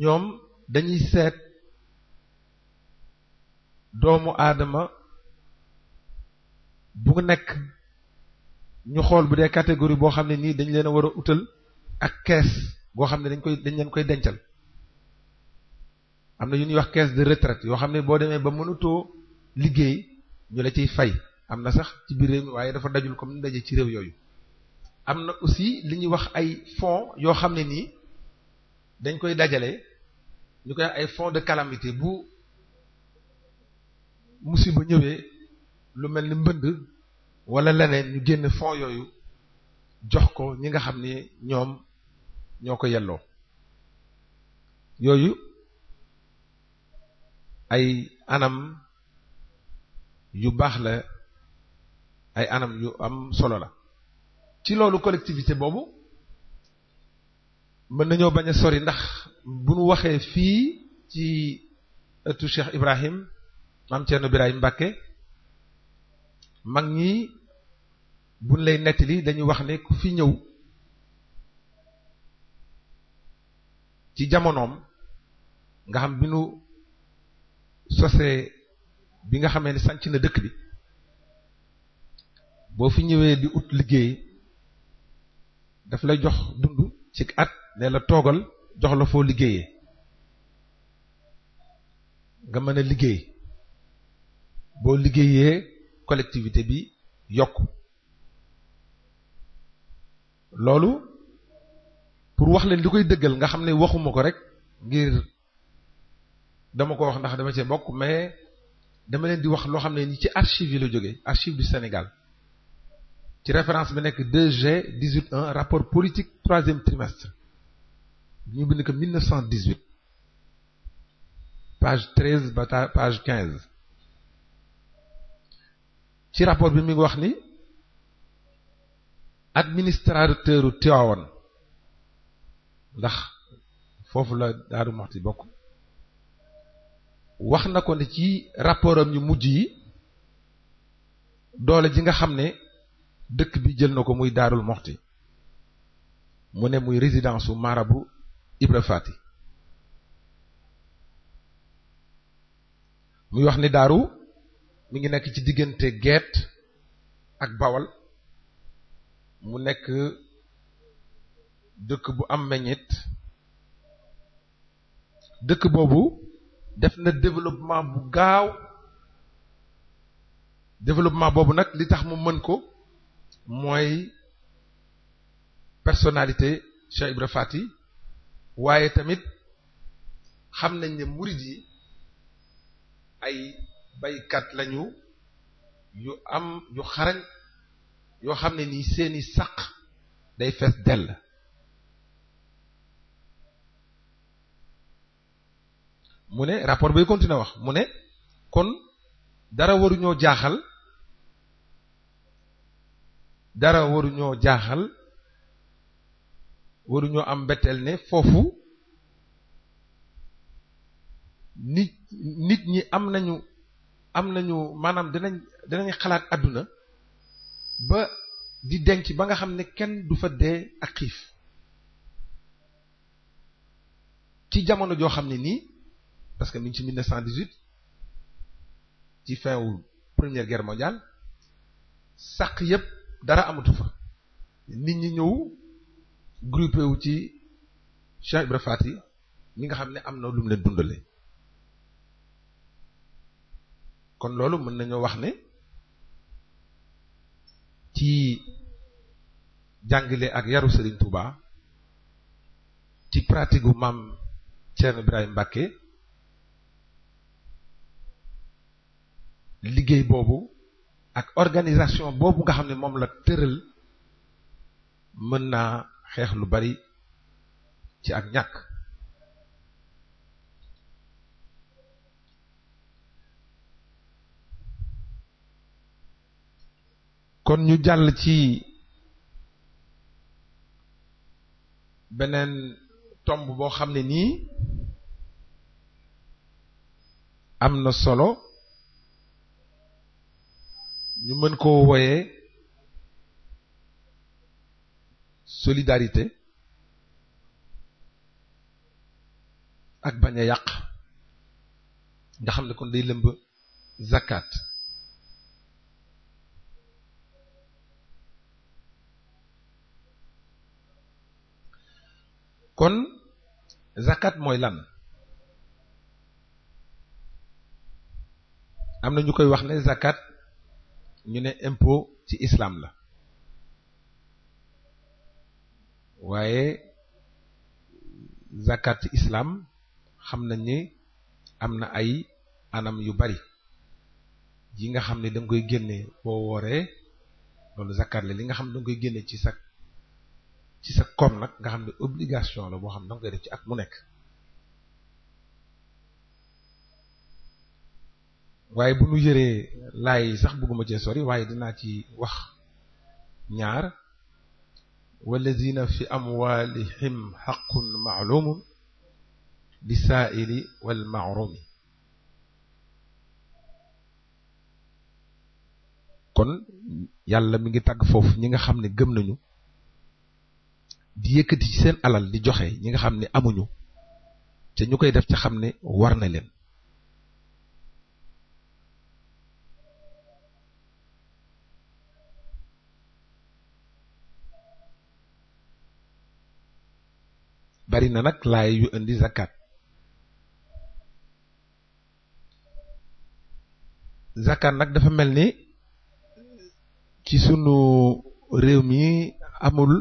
ñoom dañuy seet doomu aadama bu nekk ñu xool bu dee catégorie boo xam ne nii dañu leen a war a utal ak caisse boo xam ne dañ koy dañ leen koy dencal am na yu ñuy wax caisse de retraite yoo xam ne boo demee ba mënutoo liggéey ñu la ciy fay am na sax ci biir réew waaye dafa dajul comme ni ci réew yooyu am na aussi li ñuy wax ay fonds yoo xam ne nii dañ koy dajale ñu koy ay fonds de calamité bu musiba ñëwee lu mel ni mbënd wala leneen ñu génn fonds yooyu jox ko ñi nga xam ne ñoom ñoo ko yelloo yooyu ay anam yu baax la ay anam yu am solo la ci loolu collectivité boobu mën nañoo bañ a sori ndax bu nu waxee fii ci ëttu Cheikh Ibrahim maam Thierno Birahim Mbacké mag ñi buñ lay nettali dañuy wax ne ku fi ñëw ci jamonoom nga xam bi nu sosee bi nga xamee ne sanc na dëkk bi boo fi ñëwee di ut liggéey daf la jox dund ci at ne la toogal jox la foo liggéeyee nga mën a liggéey boo liggéeyee collectivité bi yokk loolu pour wax leen li koy dëggal nga xam ne waxuma ko rek ngir dama ko wax ndax dama cee bokk mais dama leen di wax loo xam ne ni ci archive yi la jógee archive du Sénégal ci référence bi nekk 2G 18 1 rapport politique troisième trimestre ñu bind ko 1918 page 13 ba page 15 ci rapport bi mi wax ni administrateur u Tivaouane ndax foofu la Daaru Muxti bokk wax na ko ne ci rapport am ñu mujj yi doole ji nga xam ne dëkk bi jël na ko muy Daarul Moxti mu ne muy résidence su marabu Ibra Fati muy wax ni daaru mu ngi nekk ci diggante Geet ak Bawal mu nekk dëkk bu am meññit dëkk boobu def na développement bu gaaw développement boobu nag li tax mu mën ko mooy personnalité Cheikh Ibra Fati waaye tamit xam nañ ne murid yi ay baykat lañu yu am yu xarañ yoo xam ne nii seeni saq day fees dell mu ne rapport bay continuer wax mu ne kon dara waruñoo jaaxal dara waruñoo jaaxal waruñoo am mbeteel ne foofu nit nit ñi am nañu am nañu maanaam dinañ dinañ xalaat àdduna ba di denc ba nga xam ne kenn du fa dee ak xiif ci jamono joo xam ne nii parce que mi ngi ci 1918 ci fin wu première guerre mondiale sàq yépp dara amatu fa nit ñi ñëw groupé wu ci Cheikh Ibra Fati mi nga xam ne am na lu leen dundale kon loolu mën nañoo wax ne ci jàngile ak yaru Serigne Touba ci pratique gu maam Thierno Ibrahim Mbacké liggéey boobu ak organisation boobu nga xam ne moom la tëral mën naa xeex lu bari ci ak ñàkk kon ñu jàll ci beneen tomb boo xam ne nii am na solo ñu mën koo woyee solidarité ak bañ a yàq ndaxam ne kon day lëmb zakat kon zakat mooy lan am na ñu koy wax ne zakat ñu ne impo ci islam la waaye zakat ci islam xam nañ ni am na ay anam yu bari yi nga xam ne da koy génne boo wooree loolu zakat la li nga xam ne da koy génne ci sa ci sa koom nag nga xam ne obligation la boo xam ne da nga ci at mu nekk waaye bu nu yëree laay sax bëgguma cee sori waaye dinaa ci wax ñaar walladina fi amwalihim xaqun maalumun lisaaili walmaarumi kon yàlla mi ngi tàgg foofu ñi nga xam ne gëm nañu di yëkkati ci seen alal di joxe ñi nga xam ni amuñu te ñu koy def ca xam ne war na leen bari nag laay yu indi zakat zakat nag dafa mel ni ci sunu réew mi amul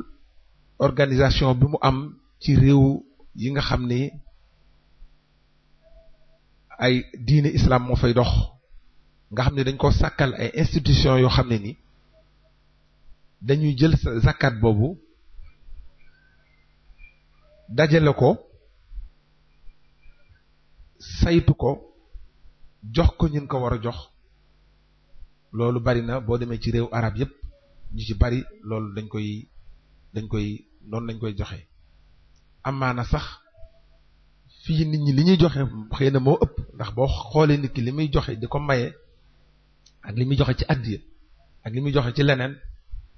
organisation bi mu am ci réew yi nga xam ni ay diine islaam moo fay dox nga xam ne dañ koo sàkkal ay institution yoo xam ne ni dañuy jël sa boobu dajale ko saytu ko jox ko ñun ko war a jox loolu bari na boo demee ci réew arab yépp ñu ci bari loolu dañ koy dañ koy noonu lañ koy joxe amaana sax fii nit ñi li ñuy joxe xëy na moo ëpp ndax boo xoolee nit ki li muy joxe di ko maye ak li muy joxe ci addiya ak li muy joxe ci leneen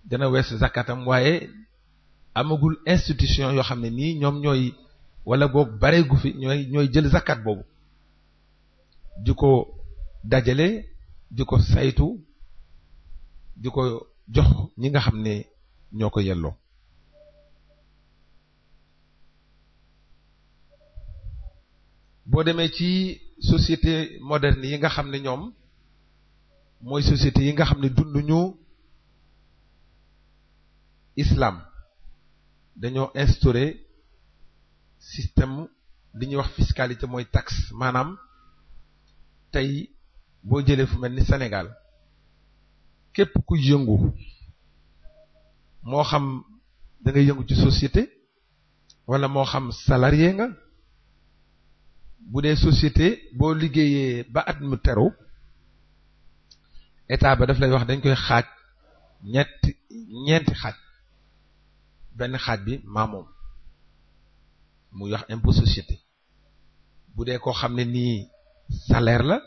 dana wees zakatam waaye amagul institution yoo xam ne nii ñoom ñooy wala boog bare gu fi ñooy ñooy jël zakat boobu ju ko dajale ju ko saytu ju ko jox ñi nga xam ne ñoo ko yelloo boo demee ci société moderne yi nga xam ne ñoom mooy société yi nga xam ne dunduñu islam dañoo instauré système di ñuy wax fiscalité mooy taxe maanaam tey boo jëlee fu mel ni Sénégal képp ku yëngu moo xam da ngay yëngu ci société wala moo xam salarié nga bu dee société boo liggéeyee ba at mu teru état ba daf lay wax dañ koy xaaj ñetti ñeenti xaaj benn xaaj bi maa moom muy wax impôt société bu dee koo xam ne nii saleer la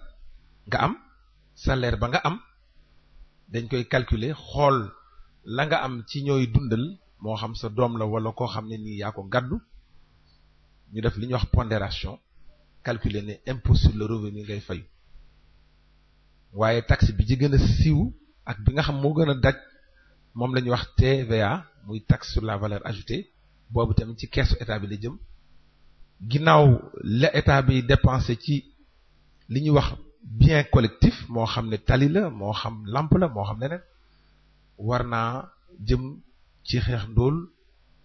nga am salaire ba nga am dañ koy calculer xool la nga am ci ñooy dundal moo xam sa doom la wala koo xam ne nii yaa ko gàddu ñu def li ñuy wax pondération calculer ne impôt sur le revenu ngay fayu waaye tax bi ci gën a siiw ak bi nga xam moo gën a daj moom la ñuy wax TVA muy taxe sur la valeur ajoutée boobu tamit ci keesu état bi la jëm ginnaaw la état bi dépensé ci li ñuy wax bien collectif moo xam ne tali la moo xam lamp la moo xam leneen war naa jëm ci xeex ndóol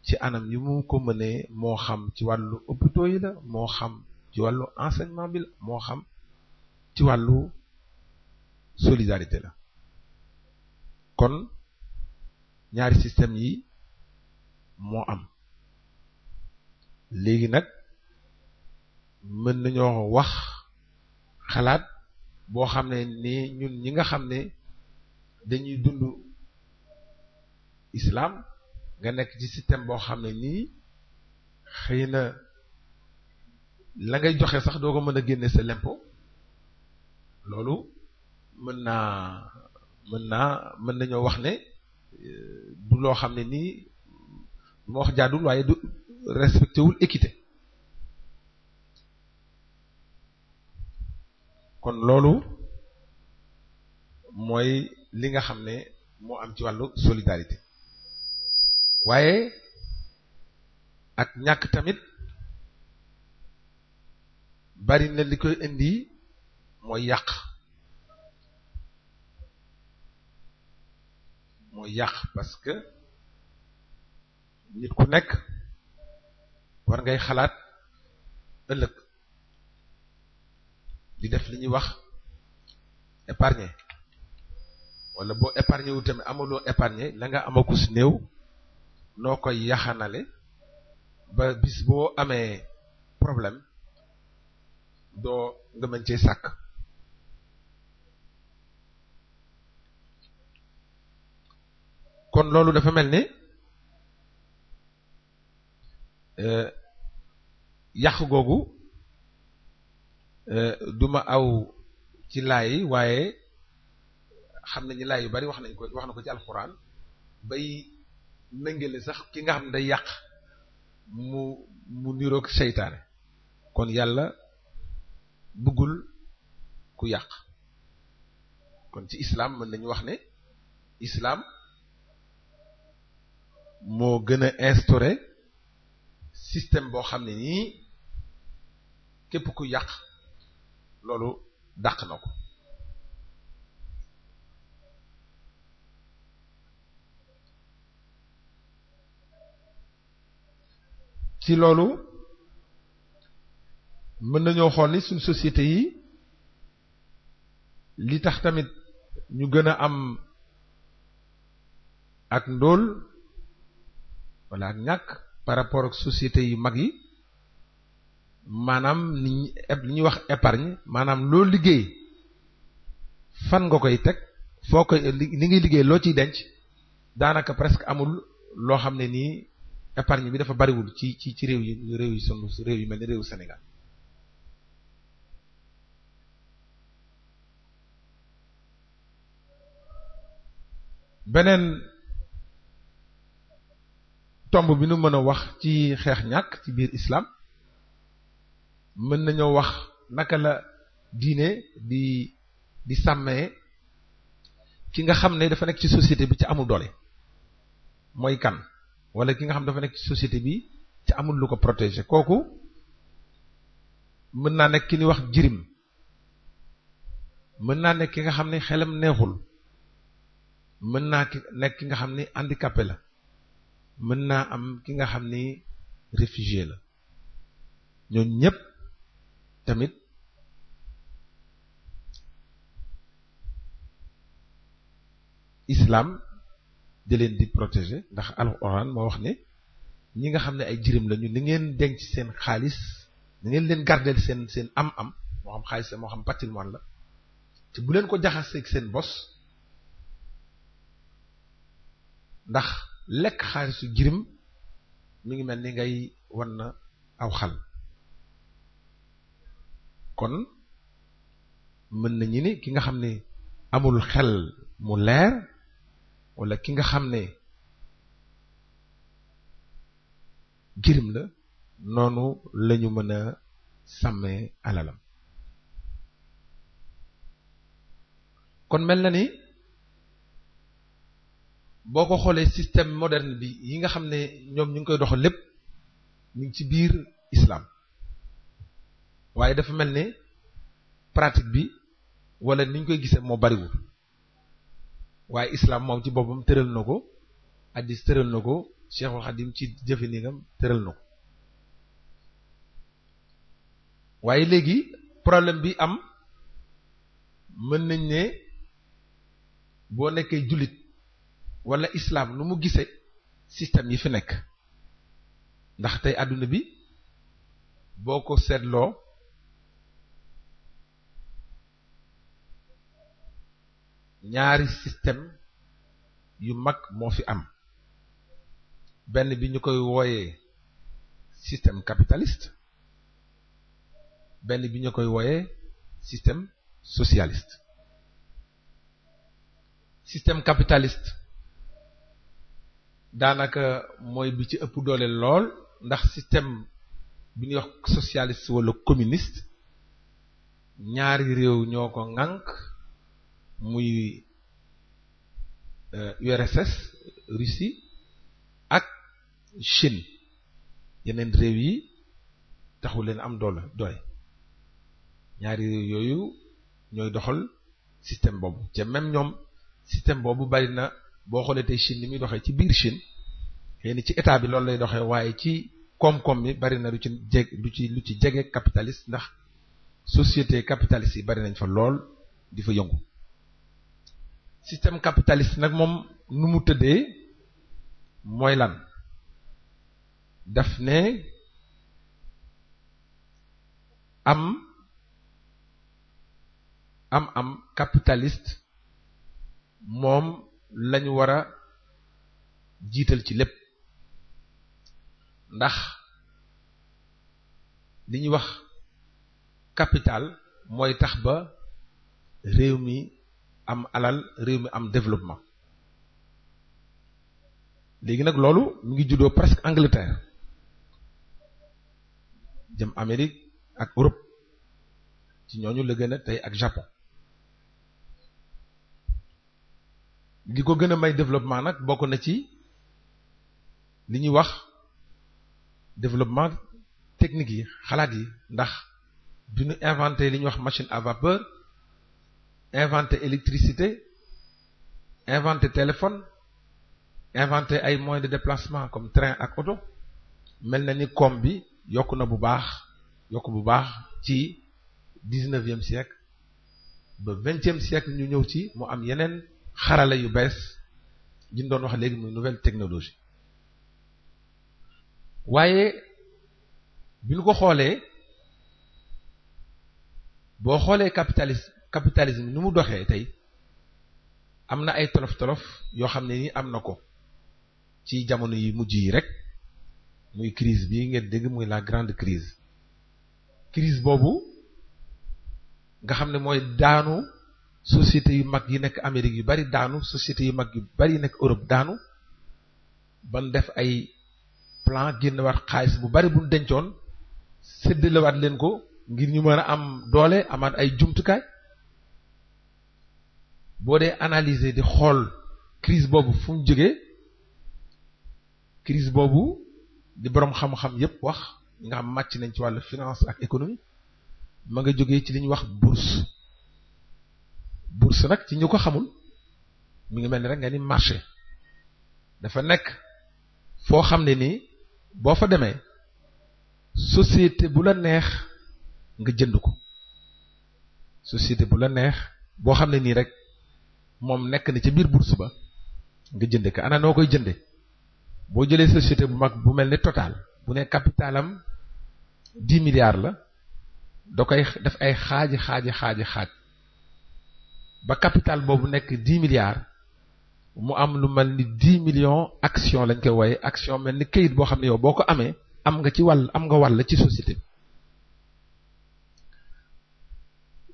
ci anam yi mu ko mënee moo xam ci wàllu hôpitaux yi la moo xam ci wàllu enseignement bi la moo xam ci wàllu solidarité la kon ñaari système yi moo am léegi nag mën nañoo wax xalaat boo xam ne ni ñun ñi nga xam ne dañuy dund islam nga nekk ci système boo xam ne nii xëy na la ngay joxe sax doo ko mën a génne sa lempo loolu mën naa mën naa mën nañoo wax ne euh, du loo xam ne nii ma wax jaadul waaye du respecté wul équité kon loolu mooy li nga xam ne moo am ci wàllu solidarité waaye ak ñàkk tamit bari na li koy indi mooy yàq mooy yàq parce que nit ku nekk war ngay xalaat ëllëg di def li ñuy wax épargne wala boo épargne wu tamit amaloo épargne la nga amaku si néew noo koy yaxanale ba bis boo amee problème doo nga mën cee sàkk kon loolu dafa mel ni Euh, yàq googu euh, duma aw ci laay waaye xam nañu laay yu bari wax nañ ko wax na ko ci alxuraan bay nëngale sax ki nga xam ne day yàq mu mu niroog seytaane kon yàlla buggul ku yàq kon ci islaam mën nañu wax ne islaam moo gën a instauré système boo xam ne nii képp ku yàq loolu dàq na ko ci loolu mën nañoo xool ni suñ société yi li tax tamit ñu gën a am ak ndóol wala ak ñàkk par rapport ak société yu mag yi maanaam li ñuy wax épargne maanaam loo liggéey fan nga koy teg foo koy li ngay liggéey loo ciy denc daanaka presque amul loo xam ne nii épargne bi dafa bariwul ci ci ci réew yi réew yi sunu réew yi mel ni réew Sénégal beneen tomb bi nu mën a wax ci xeex ñàkk ci biir islam mën nañoo wax naka la diine di di sàmmee ki nga xam ne dafa nekk ci société bi ci amul doole mooy kan wala ki nga xam dafa nekk ci société bi ci amul lu ko protéger kooku mën naa nekk ki ni wax jirim mën naa nekk ki nga xam ne xelam neexul mën naa nekk ki nga xam ne handicapé la mën naa am ki nga xam ni réfugié la ñooñ ñépp tamit islam di leen di protéger ndax alxuraan moo wax ne ñi nga xam ne ay jirim lañu ni ngeen denc seen xaalis ni ngeen leen gardeel seen seen am-am moo xam xaalis la moo xam patrimoine la te bu leen ko jaxaseeg seen bos ndax lekk xaalisu jirim mi ngi mel ni ngay wan na aw xal kon mën nañu ni ki nga xam ne amul xel mu leer wala ki nga xam ne jirim la noonu lañu mën a sàmmee alalam kon mel na ni boo ko xoolee système moderne bi yi nga xam ne ñoom ñu ngi koy doxal lépp ñu ngi ci biir islaam waaye dafa mel ne pratique bi wala ni ñu koy gisee moo bariwul waaye islaam moom ci boppam tëral na ko addis tëral na ko Cheikhul Xadim ci jëfandikam tëral na ko waaye léegi problème bi am mën nañ ne boo nekkee jullit wala islam lu mu gisee système yi fi nekk ndax tey àdduna bi boo ko seetloo ñaari système yu mag moo fi am benn bi ñu koy wooyee système capitalist benn bi ñu koy wooyee système socialiste système capitalist daanaka mooy bi ci ëpp doole lool ndax système bi ñuy yox socialiste wala communist ñaari réew ñoo ko ŋànk muy URSS euh, Russie ak Chine yeneen réew yi taxu leen am doole doole ñaari réew yooyu ñooy doxal système boobu te même ñoom système boobu bari na boo xoolee tey Chine li muy doxee ci biir Chine xëy ci état bi loolu lay doxe waaye ci koom-koom mi bari na lu ci jeg lu ci lu ci jege capitaliste ndax société capitaliste yi bari nañ fa lool di fa yëngu système capitaliste nag moom nu mu tëddee mooy lan daf ne am am am capitaliste moom lañ war a jiital ci lépp ndax li ñuy wax capital mooy tax ba réew mi am alal réew mi am développement léegi nag loolu mu ngi juddoo presque Angleterre jëm Amérique ak Europe ci ñooñu la gën a tey ak Japon li ko gën a may développement nag bokk na ci li ñuy wax développement technique yi xalaat yi ndax bi ñu inventé li ñuy wax machine à vapeur inventé électricité inventé téléphone inventé ay moyens de déplacement comme train ak auto mel na ni koom bi yokk na bu baax yokk bu baax ci dix-neuvième siècle ba vingtième siècle ñu ñëw ci mu am yeneen xarala yu bees yi doon wax léegi muy nouvelle technologie waaye bi nu ko xoolee boo xoolee capitalisme capitalisme ni mu doxee tey am na ay tolof tolof yoo xam ne ni am na ko ci jamono yi mujj yi rek muy crise bi ngeen dégg muy la grande crise crise boobu nga xam ne mooy daanu société yu mag yi nekk Amérique yu bari daanu société yu mag yu bari yi nekk Europe daanu ban def ay plan génnewaat xaalis bu bari bu dencoon séddalewaat leen ko ngir ñu mën a am doole amaat ay jumtukaay boo dee analyser di xool crise boobu fu mu jógee crise boobu di boroom xam-xam yépp wax nga xam màcc nañ ci wàll finance ak économie ma nga jógee ci li ñuy wax bourse bourse nag ci ñu ko xamul mu ngi mel ni rek nga ni marché dafa nekk foo xam ne nii boo fa demee société bu la neex nga jënd ko société bu la neex boo xam ne nii rek moom nekk na ci biir bourse ba nga jënd ko ana noo koy jënde boo jëlee société bu mag bu mel ni Total bu ne capitalam dix milliards la da koy def ay xaaji xaaji xaaji xaaj ba capital boobu nekk dix milliards mu am lu mel ni dix million action lañ koy wooye action mel ni këyit boo xam ne yow boo ko amee am nga ci wàll am nga wàll ci société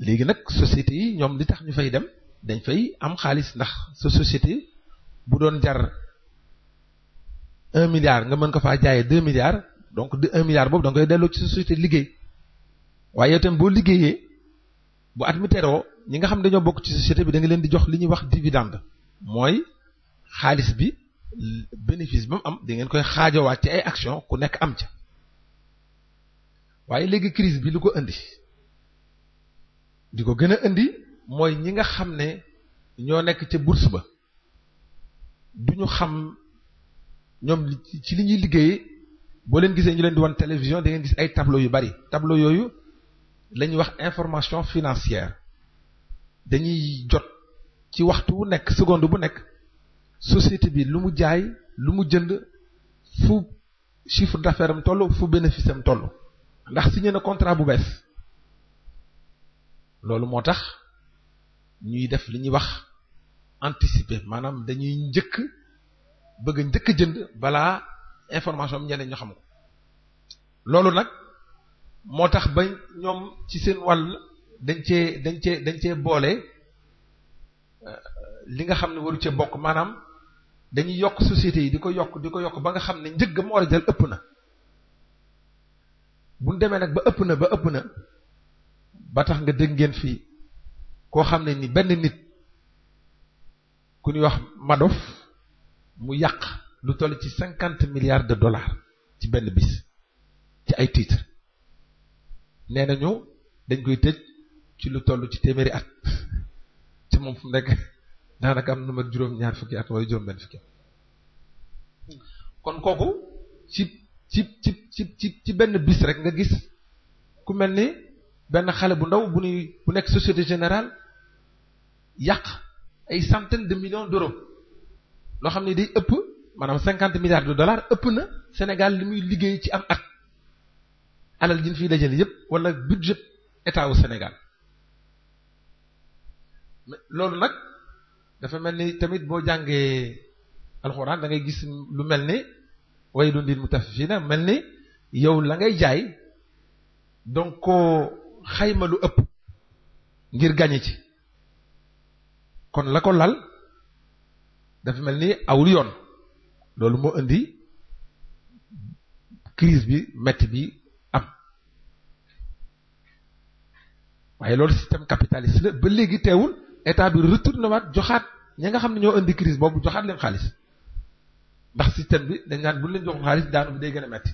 léegi nag société yi ñoom li tax ñu fay dem dañ fay am xaalis ndax sa société bu doon jar un milliard nga mën ko faa jaayee deux milliards donc de un milliard boobu da delloo ci société liggéey waaye yow tamit boo liggéeyee bu at mi ñi nga xam dañoo bokk ci société bi da nga leen di jox li ñuy wax dividende mooy xaalis bi bénéfice ba am da ngeen koy waat ci ay action ku nekk am ca waaye léegi crise bi lu ko indi di ko gën a indi mooy ñi nga xam ne ñoo nekk ca bourse ba du ñu xam ñoom ci li ñuy liggéey boo leen gisee ñu leen di wan télévision da ngeen gis ay tableau yu bari tableau yooyu lañuy wax information financière dañuy jot ci waxtu wu nekk seconde bu nekk société bi lu mu jaay lu mu jënd fu chiffre d'affaires am toll fu bénéfice am toll ndax signé na contrat bu bees loolu moo tax ñuy def li ñuy wax anticiper maanaam dañuy njëkk bëgg njëkk jënd balaa information am ñeneen ñu xam ko loolu nag moo tax ba ñoom ci seen wàll dañ cee dañ cee dañ cee boole euh, li nga xam ne waru cee bokk maanaam dañuy yokk sociétés yi di ko yokk di ko yokk ba nga xam ne njëg mu war jël ëpp na bu ñu demee nag ba ëpp na ba ëpp na ba tax nga dégg ngeen fii koo xam ne ni benn nit ku ñuy wax Madoff mu yàq lu toll ci cinquante milliards de dollars ci benn bis ci ay titres nee nañu dañ koy tëj ci lu toll ci téeméeri at ci moom fu mu nekk daanaka am na juróom-ñaar fukki at wala juróom-benn fukki kon kooku ci ci ci ci benn bis rek nga gis ku mel ni benn xale bu ndaw bu bu nekk Société général yàq ay centaines de millions d'euros loo xam ne day ëpp maanaam cinquante milliards de dollars ëpp na Sénégal li muy liggéey ci am at alal ji ñu fiy dajale yépp wala budget état wu Sénégal loolu nag dafa mel ni tamit boo jàngee alxuraan da ngay gis lu mel ni waylun lil mutaffifina mel ni yow la ngay jaay donc koo xayma lu ëpp ngir gañe ci kon la ko lal dafa mel ni awul yoon loolu moo indi crise bi metti bi am waaye loolu système capitaliste ba léegi teewul état bi retourné waat joxaat ña nga xam ne ñoo indi crise boobu joxaat leen xaalis ndax système bi dañ naan bu leen joxul xaalis daanu bi day gën a metti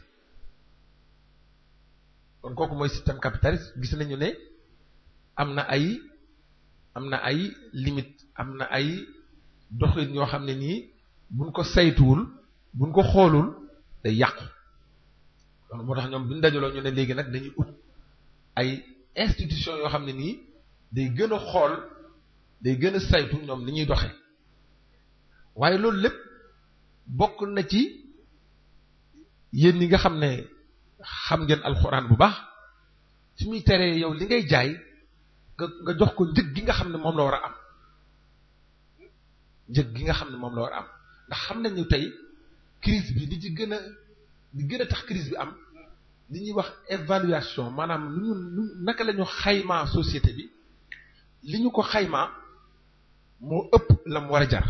kon kooku mooy système capitaliste gis nañu ne am na ay am na ay limite am na ay doxin yoo xam ne nii buñ ko saytuwul buñ ko xoolul day yàqu loolu moo tax ñoom buñ dajaloo ñu ne léegi nag dañuy ut ay institution yoo xam ne nii day gën a xool day gën a saytu ñoom li ñuy doxe waaye loolu lépp bokk na ci yéen yi nga xam ne xam ngeen alxuraan bu baax su muy teree yow li ngay jaay nga nga jox ko njëg gi nga xam ne moom la war a am njëg gi nga xam ne moom la war a am ndax xam nañu tey crise bi li ci gën a li gën a tax crise bi am li ñuy wax évaluation maanaam lu ñu naka la ñu xaymaa société bi li ñu ko xaymaa moo ëpp la mu war a jar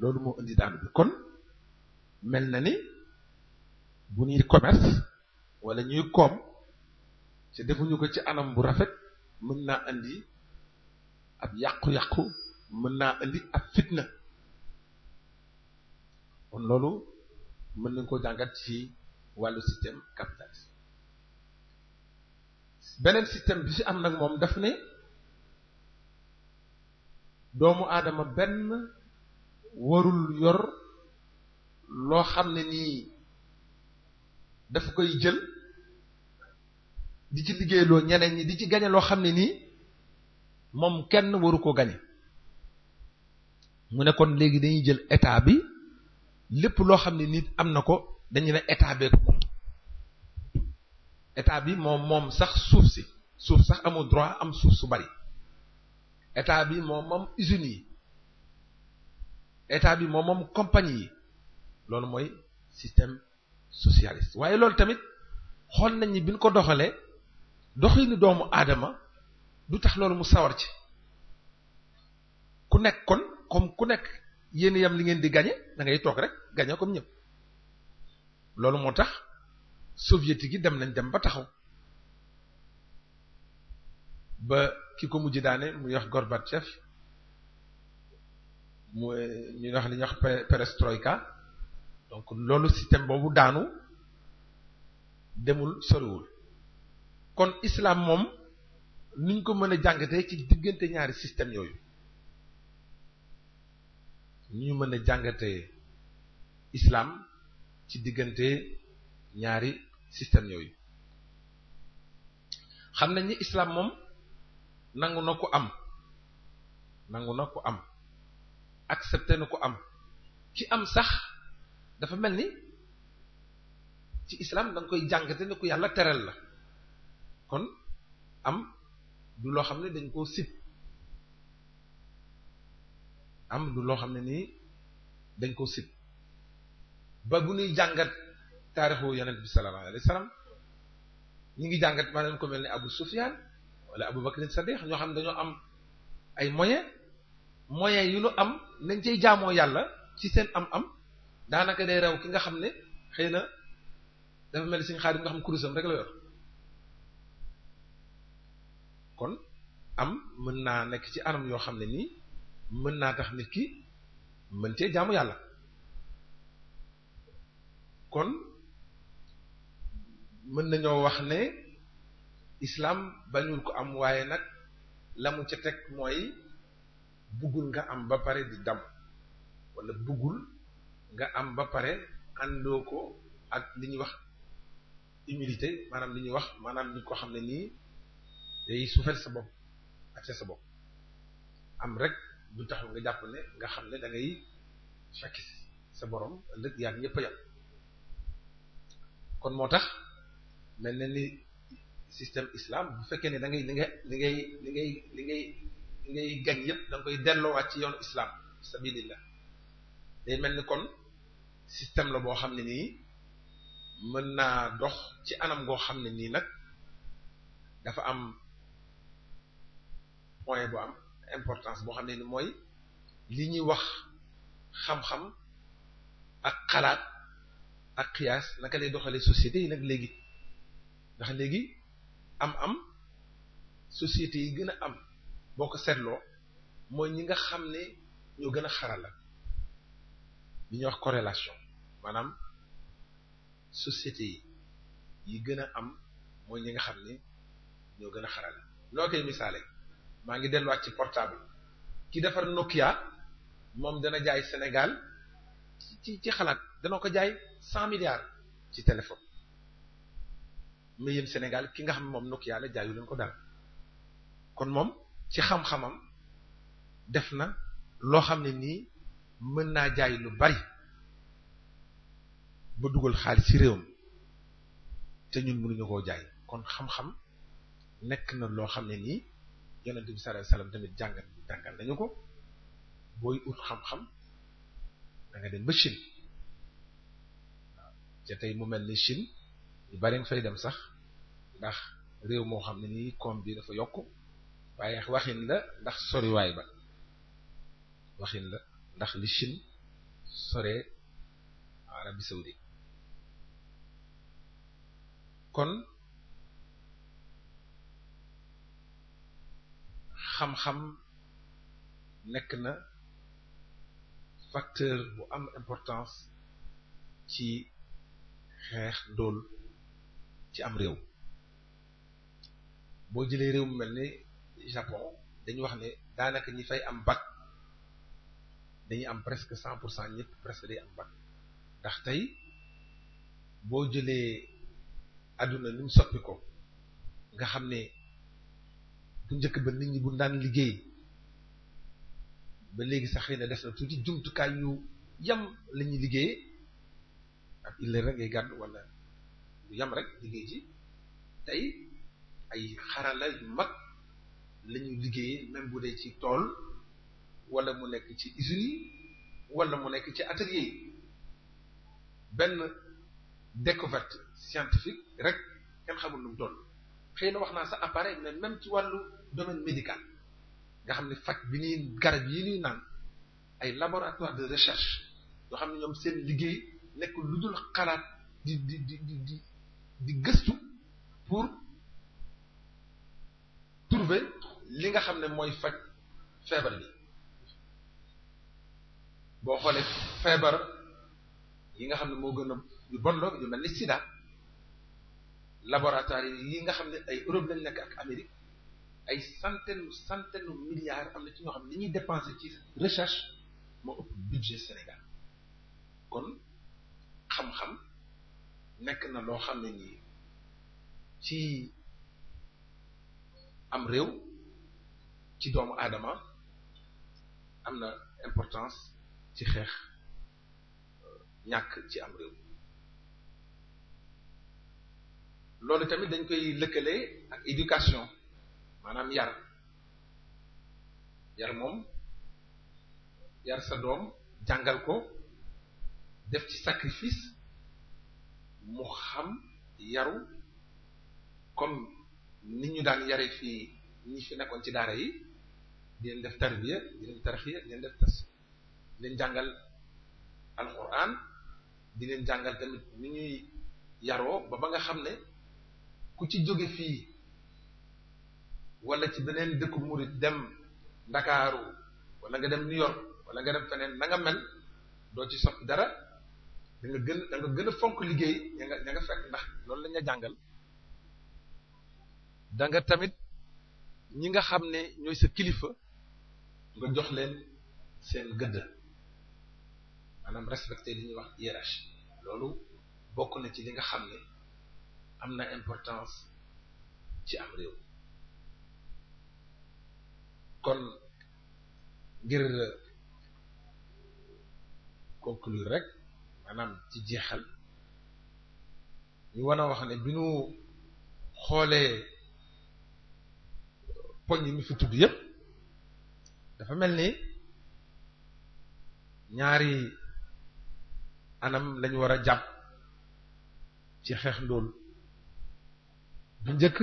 loolu moo indi daanu bi kon mel na ni bu ñuy commerce walla ñuy koom ci defuñu ko ci anam bu rafet mën naa indi ab yàqu-yàqu mën naa indi ab fitna kon loolu mën nañ ko jàngat ci wàllu système capitaliste beneen système bi fi am nag moom daf ne doomu aadama benn warul yor loo xam ne nii dafa koy jël di ci liggéeyloo ñeneen ñi di ci gañe loo xam ne nii moom kenn waru ko gañe mu ne kon léegi dañuy jël état bi lépp loo xam ne nit am na ko dañu ne état bee ko moom état bi moom moom sax suuf si suuf sax amul droit am suuf su bari état bi moom moom usines yi état bi moom moom compagnie yi loolu mooy système socialiste waaye loolu tamit xool nañ ni bi ñu ko doxalee doxinu doomu aadama du tax loolu mu sawar ci ku nekk kon comme ku nekk yéen yam li ngeen di gagné da ngay toog rek gagné comme ñëpp loolu moo tax soviétique yi dem nañ dem ba taxaw ba ki ko mujj daane muy wax Gorbatchev mu ñuy wax li ñuy wax perestroïka donc loolu système boobu daanu demul soriwul kon islaam moom nuñ ko mën a jàngatee ci diggante ñaari système yooyu ñu mën a jàngatee islam ci diggante ñaari système yooyu xam nañ ni islaam moom nangu na ko am nangu na ku am accepté na ko am ki am sax dafa mel ni ci islam da koy jàngate ne ku yàlla tereel la kon am du loo xam ne dañ koo sib am du loo xam ne nii dañ koo sib ba bu ñuy jàngat taarixu yonent bi sallallahu alayhi wasallam ñi ngi jàngat maanaam ko mel ni Abu Sufyan wala sa Sadiq ñoo xam ne dañoo am ay moyens moyens yu nu am nañ cay jaamoo yàlla ci seen am-am daanaka day rew ki nga xam ne xëy na dafa mel siñ nga xam kurusam rek la kon am mën naa nekk ci anam yoo xam ne nii mën naa tax nit ki mën cee jaamu yàlla kon mën nañoo wax ne islam bañul ko am waaye nag la mu ca teg mooy buggul nga am ba pare di dam walla buggul nga am ba pare àndoo ko ak li ñuy wax humilité maanaam li ñuy wax maanaam li ko xam ne nii day suufeel sa bopp ak sa bopp am rek bu taxul nga jàpp ne nga xam ne dangay ngay sa borom ëllëg yaa ñëpp a yàq kon moo tax mel na ni système islam bu fekkee ne dangay ngay li ngay li ngay li ngay gañ yëpp da koy delloowaat ci yoonu islam sabilillah day mel ni kon système la boo xam ne nii mën naa dox ci anam goo xam ne nii nag dafa am point bu am importance boo xam ne ni mooy li ñuy wax xam-xam ak xalaat ak qiyaas naka lay doxalee société yi nag léegi ndax léegi am-am société yi gën a am boo ko seetloo mooy ñi nga xam ne ñoo gën a xarala li ñuy wax corrélation maanaam société yi yi gën a am mooy ñi nga xam ni ñoo gën a xarala loo koy misaale maa ngi delluwaat ci portable ki defar Nokia moom dana jaay Sénégal ci ci xalaat dana ko jaay cent milliards ci téléphone mais yéen Sénégal ki nga xam ne moom nokk yàlla jaayu leen ko dara kon moom ci xam-xamam def na loo xam ne nii mën naa jaay lu bari ba dugal xaalis ci réewam te ñun mënuñu koo jaay kon xam-xam nekk na loo xam ne nii yonent bi sallallahu alayhi wasallam tamit jàngal jàngal nañu ko booy ut xam-xam da dem ba Chine waaw tey mu mel ni Chine yu bari nga fay dem sax ndax réew moo xam ne nii koom bi dafa yokk waaye waxin la ndax soriwaay ba waxin la ndax li Chine soree Arabie kon xam-xam nekk na facteur bu am importance ci xeex dool ci am réew boo jëlee réew mu mel ni Japon dañu wax ne daanaka ñi fay am bac dañuy am presque cent pour cent ñëpp presque day am bac ndax tey boo jëlee adduna ni mu soppi ko nga xam ne bu njëkk ba nit ñi bu daan liggéey ba léegi sax xëy na des na tuuti jumtukaay yu yam la ñuy liggéeyee ak illa rek ngay gàddu wala yam rek liggéey ci tey ay xarala yu mag la ñuy liggéeyee même bu dee ci tool wala mu nekk ci usines yi wala mu nekk ci atelier yi benn découverte scientifique rek kenn xamul nu mu toll xëy na wax naa sa appareil mais même ci wàllu domaine médical nga xam ne faj bi ñuy garab yi ñuy naan ay laboratoire de recherche yoo xam ne ñoom seen liggéey nekk lu dul xalaat di di di di di gëstu pour trouver li nga xam ne mooy faj feebar bi boo xoolee feebar yi nga xam ne moo gën a yu bon la yu mel ni sida laboratoire yi nga xam ne ay Europe lañ nekk ak Amérique ay centaine centaine milliards am na ci ñoo xam ne li ñuy dépenser ci recherche moo ëpp budget Sénégal kon xam-xam nekk na loo xam ne nii ci am réew ci doomu aadama am na importance ci xeex euh, ñàkk ci am réew loolu tamit dañ koy lëkkale ak éducation maanaam yar yar moom yar sa doom jàngal ko def ci sacrifice mu xam yaru comme nit ñu daan yare fii ni fi nekkoon ci daara yi di def tarbiya di leen tarxiya def tas di jàngal alquran di leen jàngal tamit ni ñuy yaroo ba ba nga xam ne ku ci jóge fii walla ci beneen dëkku murit dem ndakaaru wala nga dem New York wala nga dem feneen na mel doo ci soppi dara da nga gën da nga gën a fonk liggéey ña nga ña nga fekk ndax loolu lañ ñu jàngal da nga tamit ñi nga xam ne ñooy sa kilifa nga jox leen seen gëdd maanaam respecté li wax hiérarchie loolu bokk na ci li nga xam ne am na importance ci am réew kon ngir conclure rek maanaam ci jeexal ñu war wax ne bi ñu xoolee poñ yi mu fi tudd yépp dafa mel ni ñaari anam lañu war a jàpp ci xeex ndóol bu njëkk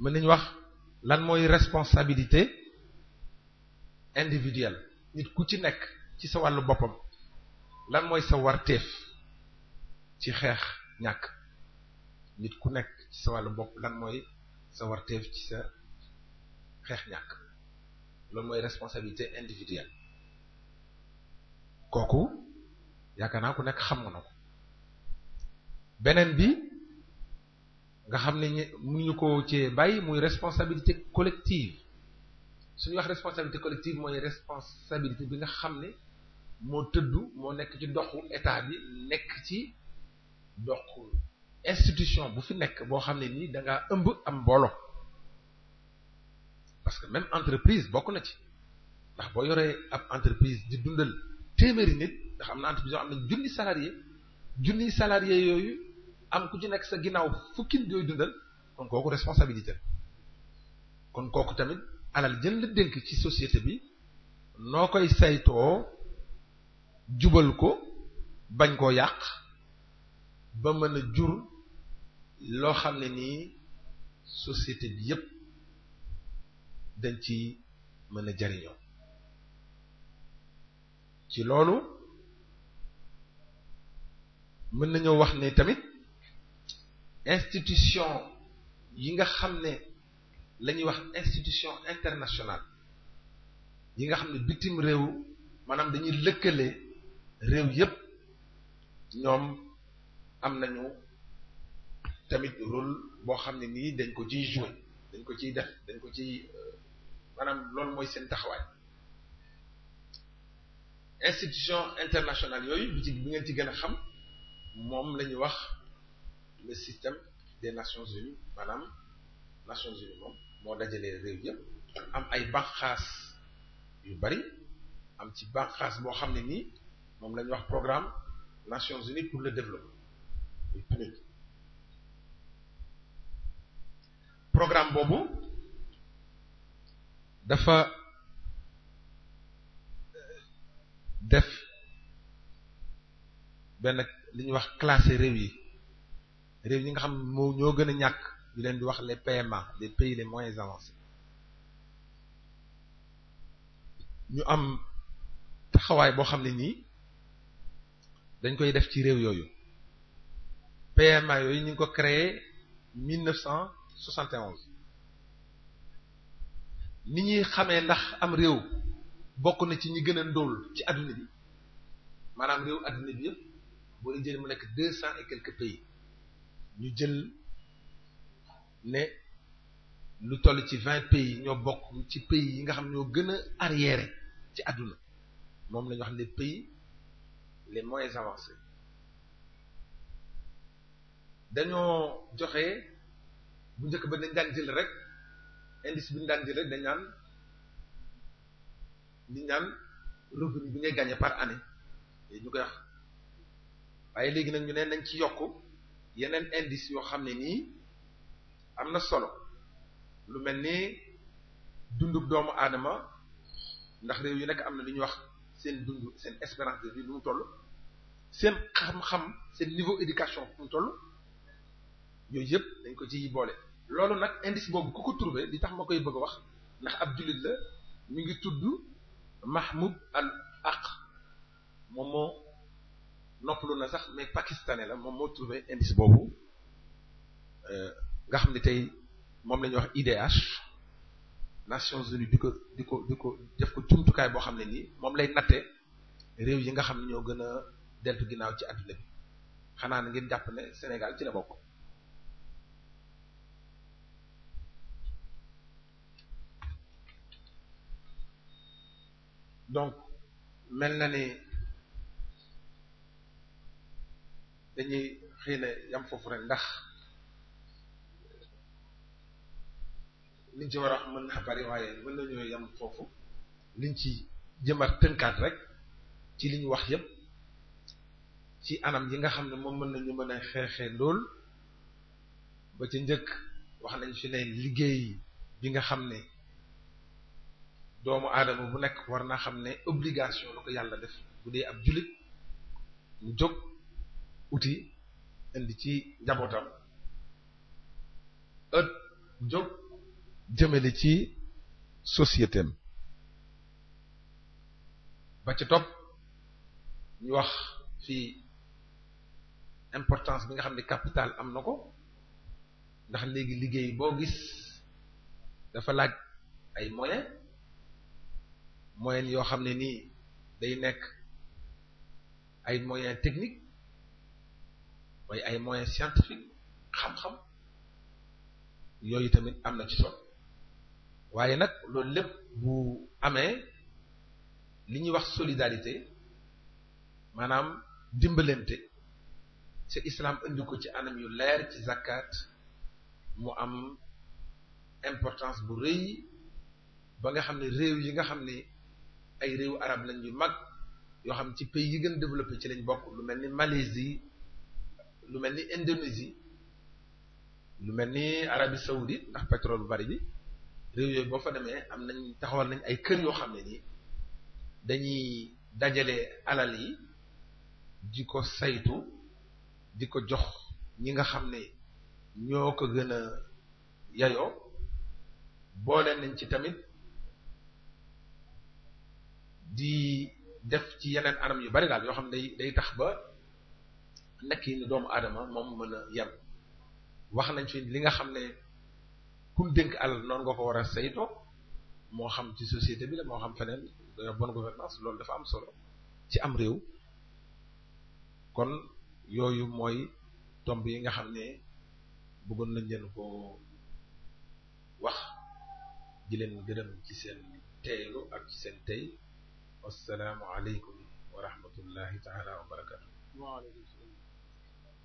mën nañu wax lan mooy responsabilité individuelle nit ku ci nekk ci sa wàllu boppam lan mooy sa warteef ci xeex ñàkk nit ku nekk ci sa wàllu bopp lan mooy sa warteef ci sa xeex ñàkk loolu mooy responsabilité individuelle kooku yaakaar naa ko nekk xam nga na ko beneen bi nga xam ne mënuñu ko cee bàyyi muy responsabilité collective suñuy wax responsabilité collective mooy responsabilité bi nga xam ne moo tëdd moo nekk ci doxu état bi nekk ci doxu institution bu fi nekk boo xam ne nii da ngaa ëmb am mbooloo parce que même entreprise bokk na ci ndax boo yoree ab entreprise di dundal téeméeri nit ndax am na entreprise yoo am nañ junni salarié junni salarié yooyu am ku ci nekk sa ginnaaw fukki nit yooyu dundal kon kooku kon kooku tamit alal jën la ci société bi noo koy saytoo jubal ko bañ koo yàq ba mën a jur loo xam ne nii société bi yépp dañ ci mën a jariñoo ci loolu mën nañoo wax ni tamit institution yi nga xam ne la ñuy wax institution internationale yi nga xam ne bitim réew maanaam dañuy lëkkale réew yépp ñoom am nañu tamit rôle boo xam ne nii dañ ko ciy jouer dañ ko ciy def dañ ko ciy euh, maanaam loolu mooy seen taxawaay institution internationale yooyu bi ci bi ngeen ci gën a xam moom la ñuy wax le système des nations unies maanaam nations unies moom moo dajalee réew am ay banqaas yu bari am ci banqaas boo xam ne nii moom la wax programme nations unies pour le développement programme boobu dafa def benn li ñuy wax classé réew yi réew yi nga xam moo ñoo gën a ñàkk ñu leen di wax les PMA les pays les moyens avancés ñu am taxawaay boo xam ne nii dañ koy def ci réew yooyu PMA yooyu ñu ngi ko créé 1971 ni ñuy xamee ndax am réew bokk na ci ñi gën a ndóol ci adduna bi maanaam réew adduna bi yëpp boo leen mu nekk deux cent et quelques pays ñu jël ne lu toll ci vingt pays ñoo bokk ci pays yi nga xam ñoo gën a arriéré ci adduna moom la ñu wax les pays les moins avancés dañoo joxe bu njëkk ba dañ daan jël rek. indice bi ñu daan jëlee dañ naan dañ naan revenu bi ngay gagner par année ñu koy wax waaye léegi nag ñu ne nañ ci yokk yeneen indice yoo xam ne nii am na solo lu mel ni dundub doomu aadama ndax réew yu nekk am na lu ñuy wax seen dund seen espérance de vie bu toll seen xam-xam seen niveau éducation bu mu toll yooyu yëpp dañ ko ci boole loolu nag indice boobu ku ko trouvé di tax ma koy bëgg a wax ndax ab jullit la mi ngi tudd Mahmoud al Aq moom moo noppalu na sax mais pakistanais la moom moo trouvé indice boobu euh, nga xam ne tey moom la wax IDH Nations Unies di ko di ko di ko def ko jumtukaay boo xam ne nii moom lay natte réew yi nga xam ne ñoo gën a deltu ginnaaw ci àdduna bi xanaa na ngeen jàpp ne Sénégal ci la bokk donc mel na ni dañuy xëy na yam foofu rek ndax liñ ci war a wax mën naa bari waaye mën nañoo yam foofu liñ ci jëmbat tënkaat rek ci li wax yépp ci anam yi nga xam ne moom mën nañu mën a xeexee lool ba ca njëkk wax nañu ci ne liggéey bi nga xam ne doomu aadama bu nekk war naa xam ne obligation la ko yàlla def bu dee ab jullit mu jóg uti indi ci njabootam ët jóg jëmale ci sociétém ba ci topp ñu wax fii importance bi nga xam ne capital am na ko ndax léegi liggéey boo gis dafa laaj ay moyens moyens yoo xam ne nii day nekk ay moyens techniques mooy ay moyens scientifiques xam-xam yooyu tamit am na ci sol waaye nag loolu lépp bu amee li ñuy wax solidarité maanaam dimbalante ci islam indi ko ci anam yu leer ci zakat mu am importance bu rëy ba nga xam ne réew yi nga xam ne ay réew arab lañ yu mag yoo xam ci pays yi gën développé ci lañ bokk lu mel ni Malaisie lu mel ni Indonésie lu mel ni Arabie saoudite ndax pétrole bu bari bi réew yooyu boo fa demee am nañ taxawal nañ ay kër yoo xam ne nii dañuy dajale alal yi di ko saytu di ko jox ñi nga xam ne ñoo ko gën a yayoo boole nañ ci tamit di def ci yeneen anam yu bari daal yoo xam ne day day tax ba nekk yi ni doomu aadama moom mën a yem wax nañ fi li nga xam ne kum dénk alal noon nga ko war a saytoo moo xam ci société bi la moo xam feneen bonne gouvernance loolu dafa am solo ci am réew kon yooyu mooy tomb yi nga xam ne bëggoon nañ leen ko wax di leen gërëm ci seen teelu ak ci seen tey wassalaamu aleykum wa rahmatullahi taala wa barakatu waaleykum salaam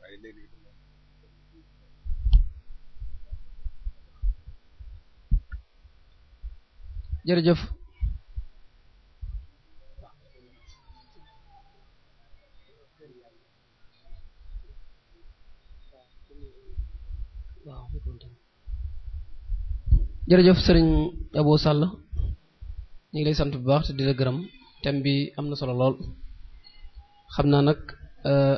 waaye léegi jërëjëf jërëjëf sëriñ aboo Sall ñu ngi lay sant bu baax te di gërëm thème bi am na solo lool xam naa nag euh,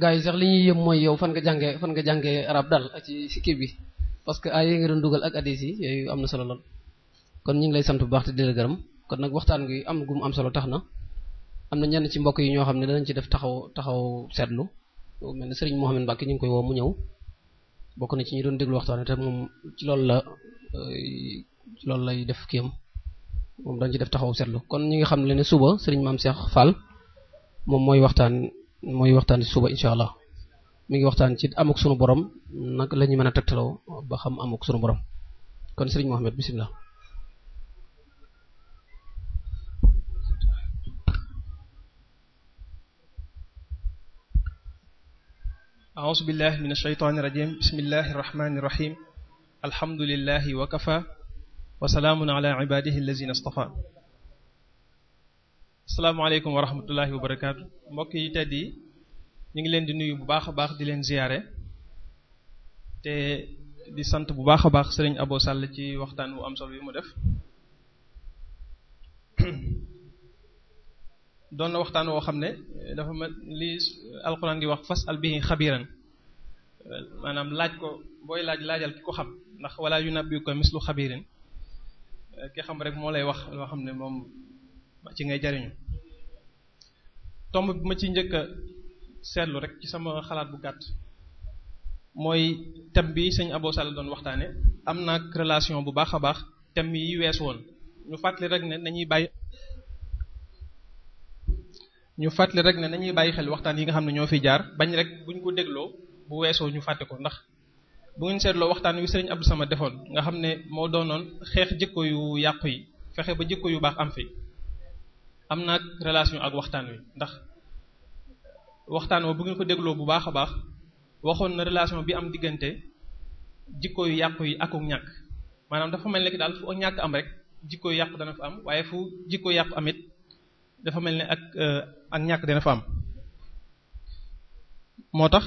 gaa yi sax li ñuy yëpp mooy yow fan nga jàngee fan nga jànge arab daal ci si kii bi parce que ay yi nga doon dugal ak addis yi yooyu am na solo lool. kon ñu ngi lay sant bu baax te di la gërëm kon nag waxtaan gi am gum am solo tax na am na ñenn ci mbokk yi ñoo xam ne danañ ci def taxaw taxaw seetlu mel ne Serigne Mouhamed Mbacke ñu ngi koy woo mu ñëw bokk na ci ñu doon déglu te moom ci loolu la euh, loolu lay def kiyam moom dañ taxaw seetlu kon ñi nga xam ne ne suba Serigne Mame Cheikh Fall moom mooy waxtaan mooy waxtaan suba incha allah mu ngi waxtaan ci amuk sunu borom nag la mën a tegtaloo ba xam amuk sunu borom kon Serigne Mouhamed bisimilah. أعوذ بالله من الشيطان الرجيم بسم الله الرحمن الرحيم الحمد لله وكفى وسلام على عباده الذين wa rahmatullahi wa barakaatu mbokk yi tedd yi ñu ngi leen di nuyu bu baax a baax di leen ziyaare te di sant bu baax a baax sëriñ Abo Sall ci waxtaan wu am solo bi mu def doon na waxtaan woo xam ne dafa ma lii alxuraan gi wax fas al bihi xabiran maanaam laaj ko booy laaj laajal ki ko xam ndax wala yu nabbi ko mislu xabirin ki xam rek moo lay wax loo xam ne moom ci ngay jariñu tomb bi ma ci njëkk a seetlu rek ci sama xalaat bu gàtt mooy thème bi sëñ Abo Sall doon waxtaane am na relation bu baax a baax thème yi wees woon ñu fàttali rek ne nañuy bàyyi ñu fàttali rek ne nañuy bàyyi xel waxtaan yi nga xam ne ñoo fi jaar bañ rek bu ñu ko dégloo bu weesoo ñu fàtte ko ndax bu ngeen seetloo waxtaan wi sëriñ Abdou Samad defoon nga xam ne moo doonoon xeex jikko yu yàq yi fexe ba jikko yu baax am fi am na relation ak waxtaan wi ndax waxtaan wa ko dégloo bu baax a baax waxoon na relation bi am diggante jikko yu yàqu yi ak ñàkk maanaam dafa mel ne daal fu ñàkk am rek jikko yu yàq dana fa am waaye fu jikko yàqu amit dafa mel ne ak euh, ak ñàkk dina fa am moo tax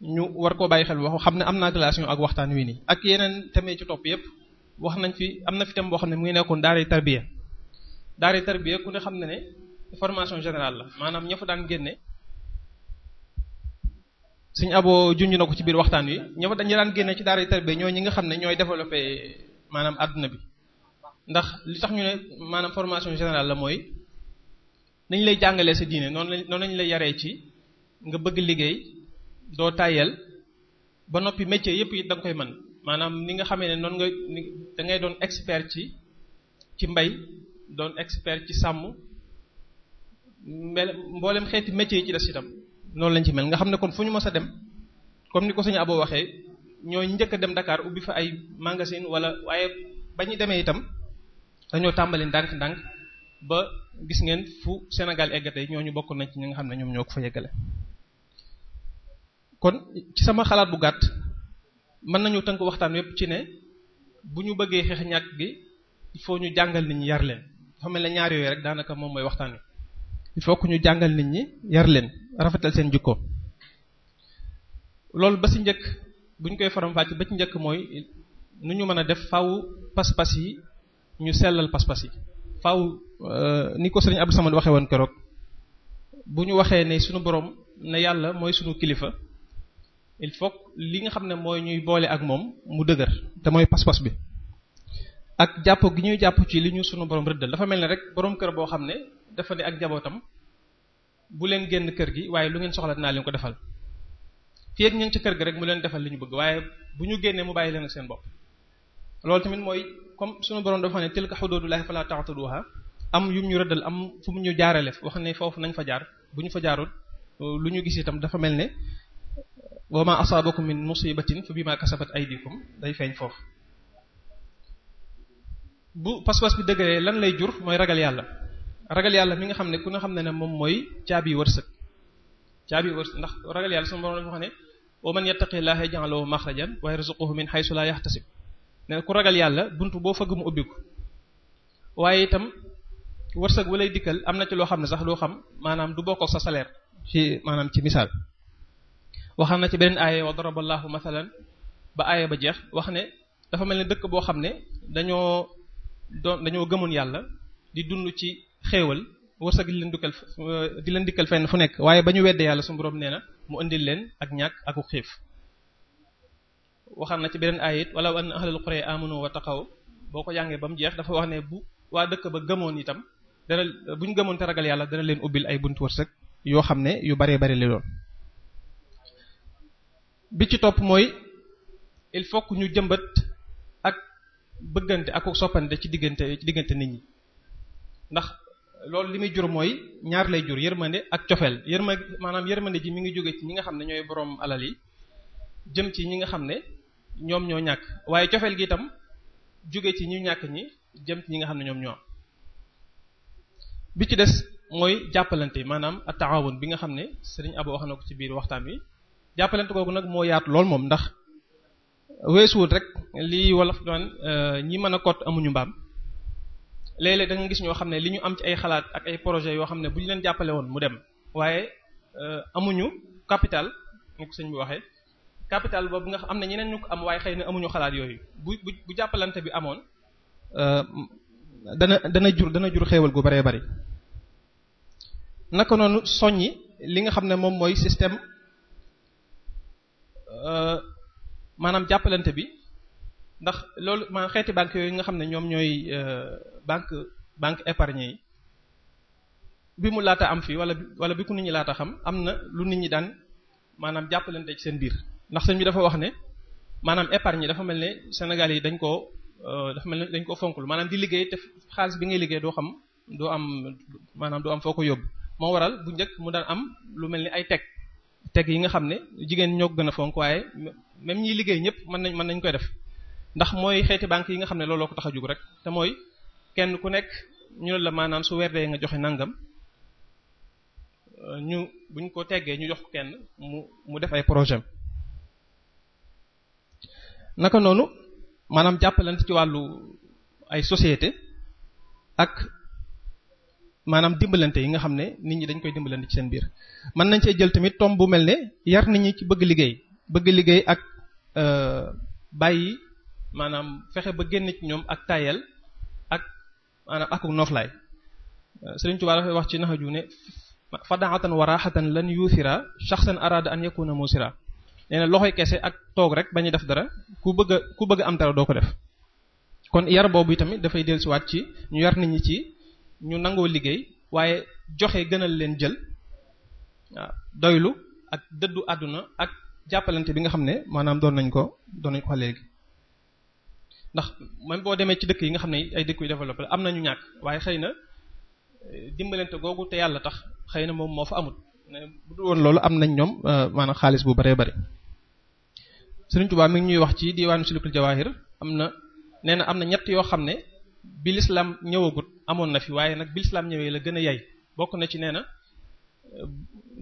ñu war koo bàyyi xel wax xam ne am naa relation ak waxtaan wi nii ak yeneen tamit ci topp yépp wax nañ fi am na fi tam boo xam ne mu ngi nekkoon daaray tarbiya daaray tarbiya ku ne xam ne ne formation générale la maanaam ña daan génne suñ aboo junj na ko biir waxtaan wi ña fa dañu génne ci daaray tarbiya ñoo ñi nga xam ne ñooy développé maanaam àdduna bi ndax li tax ñu ne maanaam formation général la mooy nañ lay jàngalee sa diine noonu lañ noonu lañ lay yaree ci nga bëgg liggéey doo tàyyel ba noppi métier yëpp it da koy man maanaam ni nga xamee ne noonu nga da ngay doon expert ci ci mbay doon expert ci sàmm mboolem xeeti métier yi ci des lañ ci mel nga xam ne kon fu ñu mës a dem comme ni ko suñu aboo waxee ñooy njëkk a dem Dakar ubbi fa ay magasin wala waaye ba demee itam dañoo tàmbali ndànk-ndànk ba gis ngeen fu Sénégal egg ñoo ñu bokk nañ ci ñi nga xam ne ñoom ñoo ko fa yeggale kon ci sama xalaat bu gàtt mën nañu tënk waxtaan yépp ci ne bu ñu bëggee xeex ñàkk gi foo ñu jàngal nit ñi yar leen mel ne ñaar yooyu rek daanaka moom mooy waxtaan wi ñu jàngal nit ñi yar leen rafetal seen jikko loolu ba ci njëkk bu ñu koy faram-fàcce ba ci njëkk mooy nu ñu mën a def faaw pas-pas yi ñu sellal pas-pas yi faw euh, ni ko sëriñ Abdou Samad waxe woon keroog bu ñu waxee ne sunu boroom ne yàlla mooy sunu kilifa il faut li nga xam ne mooy ñuy boole ak moom mu dëgër te mooy pas-pas bi ak jàpp gi ñuy jàpp ci li ñu sunu borom rëddal dafa mel ne rek borom kër boo xam ne dafa ne ak jabootam bu leen génn kër gi waaye lu ngeen soxla dinaa leen ko defal fii ak ñu ngi ci kër gi rek mu leen defal li ñu bëgg waaye bu ñu génnee mu bàyyi leen seen bopp loolu tamit mooy comme sunu borom dafa ne tilka xuduudullaahi falaa ta'tuduuha am yum ñu rëddal am fu mu ñu jaarale wax ne foofu nañ fa jaar bu ñu fa jaarul lu ñu gis itam dafa mel ne wa ma asaabakum min musibatin fa bimaa kasabat aydikum day feeñ foofu bu pas-pas bi lan lay jur mooy ragal yàlla ragal yàlla mi nga xam ne ku nga xam ne ne moom mooy caabi wërsëg caabi wërsëg ndax ragal yàlla sunu borom dafa wax ne wa man yattaqillaha yaj'al lahu makhrajan wa yarzuquhu min haythu la yahtasib ne ku ragal yàlla bunt boo fëgg mu ubbiku waaye itam wërsëg walay dikkal am na ci loo xam ne sax doo xam maanaam du bokk sa salaire ci maanaam ci misaal waxam na ci benn aaya wa daraballahu mathalan ba aaya ba jeex wax ne dafa mel ne dëkk boo xam ne dañoo doon dañoo gëmoon yàlla di dund ci xéewal wërsëg di leen dikkal di leen dikkal fenn fu nekk waaye ba ñu weddee yàlla suñu borom nee na mu indil leen ak ñàkk aku xiif waxal na ci beneen ayit wala an ahlul qura amanu wa taqaw boo ko jàngee ba mu jeex dafa wax ne bu waa dëkk ba gëmoon itam dana buñ ñu gëmoon te ragal yàlla dana leen ubbil ay buntu wërsëg yoo xam ne yu baree bari li doon bi ci topp mooy il faut que ñu jëmbat ak bëggante ak soppante ci diggante ci diggante nit ñi ndax loolu li muy jur mooy ñaar lay jur yërmande ak cofeel yërma maanaam yërmande ji mi ngi jóge ci ñi nga xam ne ñooy boroom alal jëm ci ñi nga xam ne ñoom ñoo ñàkk waaye cofeel gi itam jóge ci ñu ñàkk ñi jëm ci ñi nga xam ne ñoom ñoo am bi ci des mooy jàppalante maanaam at-taawun bi nga xam ne Serigne Abo wax na ko ci biir waxtaan wi jàppalante kooku nag moo yaat lool moom ndax weesuwut rek lii wolof naan euh, ñi mën a kot amuñu mbaam léeg-léeg da gis ñoo xam ne li ñu am ci ay xalaat ak ay projets yoo xam ne bu ñu leen jàppale woon mu dem waaye euh, amuñu capital ni ko sëñ bi waxee capital boobu nga am na ñeneen ñu ko am waaye xëy na amuñu xalaat yooyu bu bu bu jàppalante bi amoon euh, dana dana jur dana jur xéewal gu bëree bëri naka noonu soññi li nga xam ne moom mooy système euh, maanaam jàppalante bi ndax loolu maanaam xeeti banque yooyu nga xam ne ñoom ñooy euh, banque banque épargne yi bi mu laata am fii wala wala bi ku nit ñi laata xam am na lu nit ñi daan maanaam jàppalante ci seen biir ndax sëñ bi dafa wax ne maanaam épargne dafa mel ne Sénégal yi dañ koo euh, dafa mel ne dañ koo fonk fonkul maanaam di liggéey te xaalis bi ngay liggéey doo xam doo am maanaam doo am foo ko yóbbu moo waral bu njëkk mu daan am lu mel ni ay teg teg yi nga xam ne jigéen ñoo gën a fonk waaye même ñiy liggéey ñëpp mën nañ mën nañ koy def ndax mooy xeeti banque yi nga xam ne looloo ko tax a jug rek te mooy kenn ku nekk ñu ne la maanaam su weer dee nga joxe nangam euh, ñu buñ ko teggee ñu jox ko mu mu def projet naka noonu maanaam jàppalante ci wàllu ay societé ak maanaam dimbalante yi nga xam ne nit ñi dañ koy dimbalante ci seen biir mën nañ cee jël tamit tomb bu mel ne yar nit ñi ci bëgg liggéey bëgg liggéey ak euh, bàyyi maanaam fexe ba génn ci ñoom ak tayel ak maanaam akuk noflaay euh, Sëriñ Tuubaa dafay wax ci naxa ju ne fadaatan waraxatan lan yuusira shaxsan araada an yakuna muusira nee na loxoy kese ak toog rek bañuy def dara ku bëgg ku bëgg am dara doo ko def kon yar boobu tamit dafay dellusiwaat ci ñu yar nit ñi ci ñu nangoo liggéey waaye joxe gënal leen jël waaw doylu ak dëddu àdduna ak jàppalante bi nga xam ne maanaam doon nañ ko doon nañ ko xale léegi ndax même boo demee ci dëkk yi nga xam ne ay dëkk yu développé am na ñu ñàkk waaye xëy na eh, dimbalante googu te yàlla tax xëy na moom moo fa amut bu dul woon loolu am nañ ñoom eh, maanaam xaalis bu baree bari Sëriñ Tuubaa mi ngi ñuy wax ci diwaanu Sulukul Jawaahir am na nee na am na ñett yoo xam ne bi lislaam ñëwagut amoon na fi waaye nag bi lislaam ñëwee la gën a yay bokk na ci nee na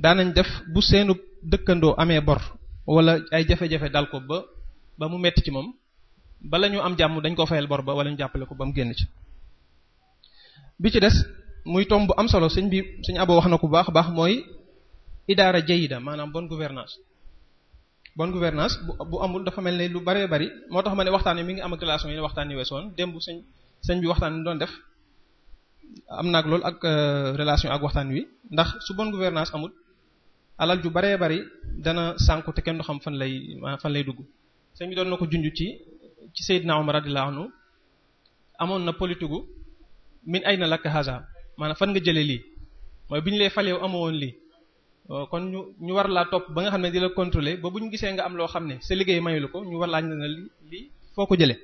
daanañ def bu seenu dëkkandoo amee bor wala ay jafe-jafe dal ko ba ba mu metti ci moom bala ñu am jàmm dañ ko fayal bor ba wala ñu jàppale ko ba mu génn ci bi ci des muy tomb bu am solo sëñ bi sëñ aboo wax na ku bu baax baax mooy idaara jayida maanaam bon gouvernance bonne gouvernance bu amul dafa mel ne lu baree bari moo tax ma ne waxtaan wi mi ngi am ak relation yi ne waxtaan yi weesoon démb sëñ sëñ bi waxtaan wi doon def am naag loolu ak euh, relation ak waxtaan wi ndax su bon gouvernance amul alal ju baree bari dana sànku te kenn du xam fan lay fan lay dugg sëñ bi doon na ko junj ci ci Seydina Omar radiyallahu anhu amoon na politique min ay na lakk haza maanaam fan nga jëlee lii mooy bi ñu lay faleew amoo woon lii Euh, kon ñu ñu war laa topp ba nga xam ne di la contrôler ba ñu gisee nga am loo xam ne sa liggéey mayu la ko ñu war laa ñu ne li foo ko jëlee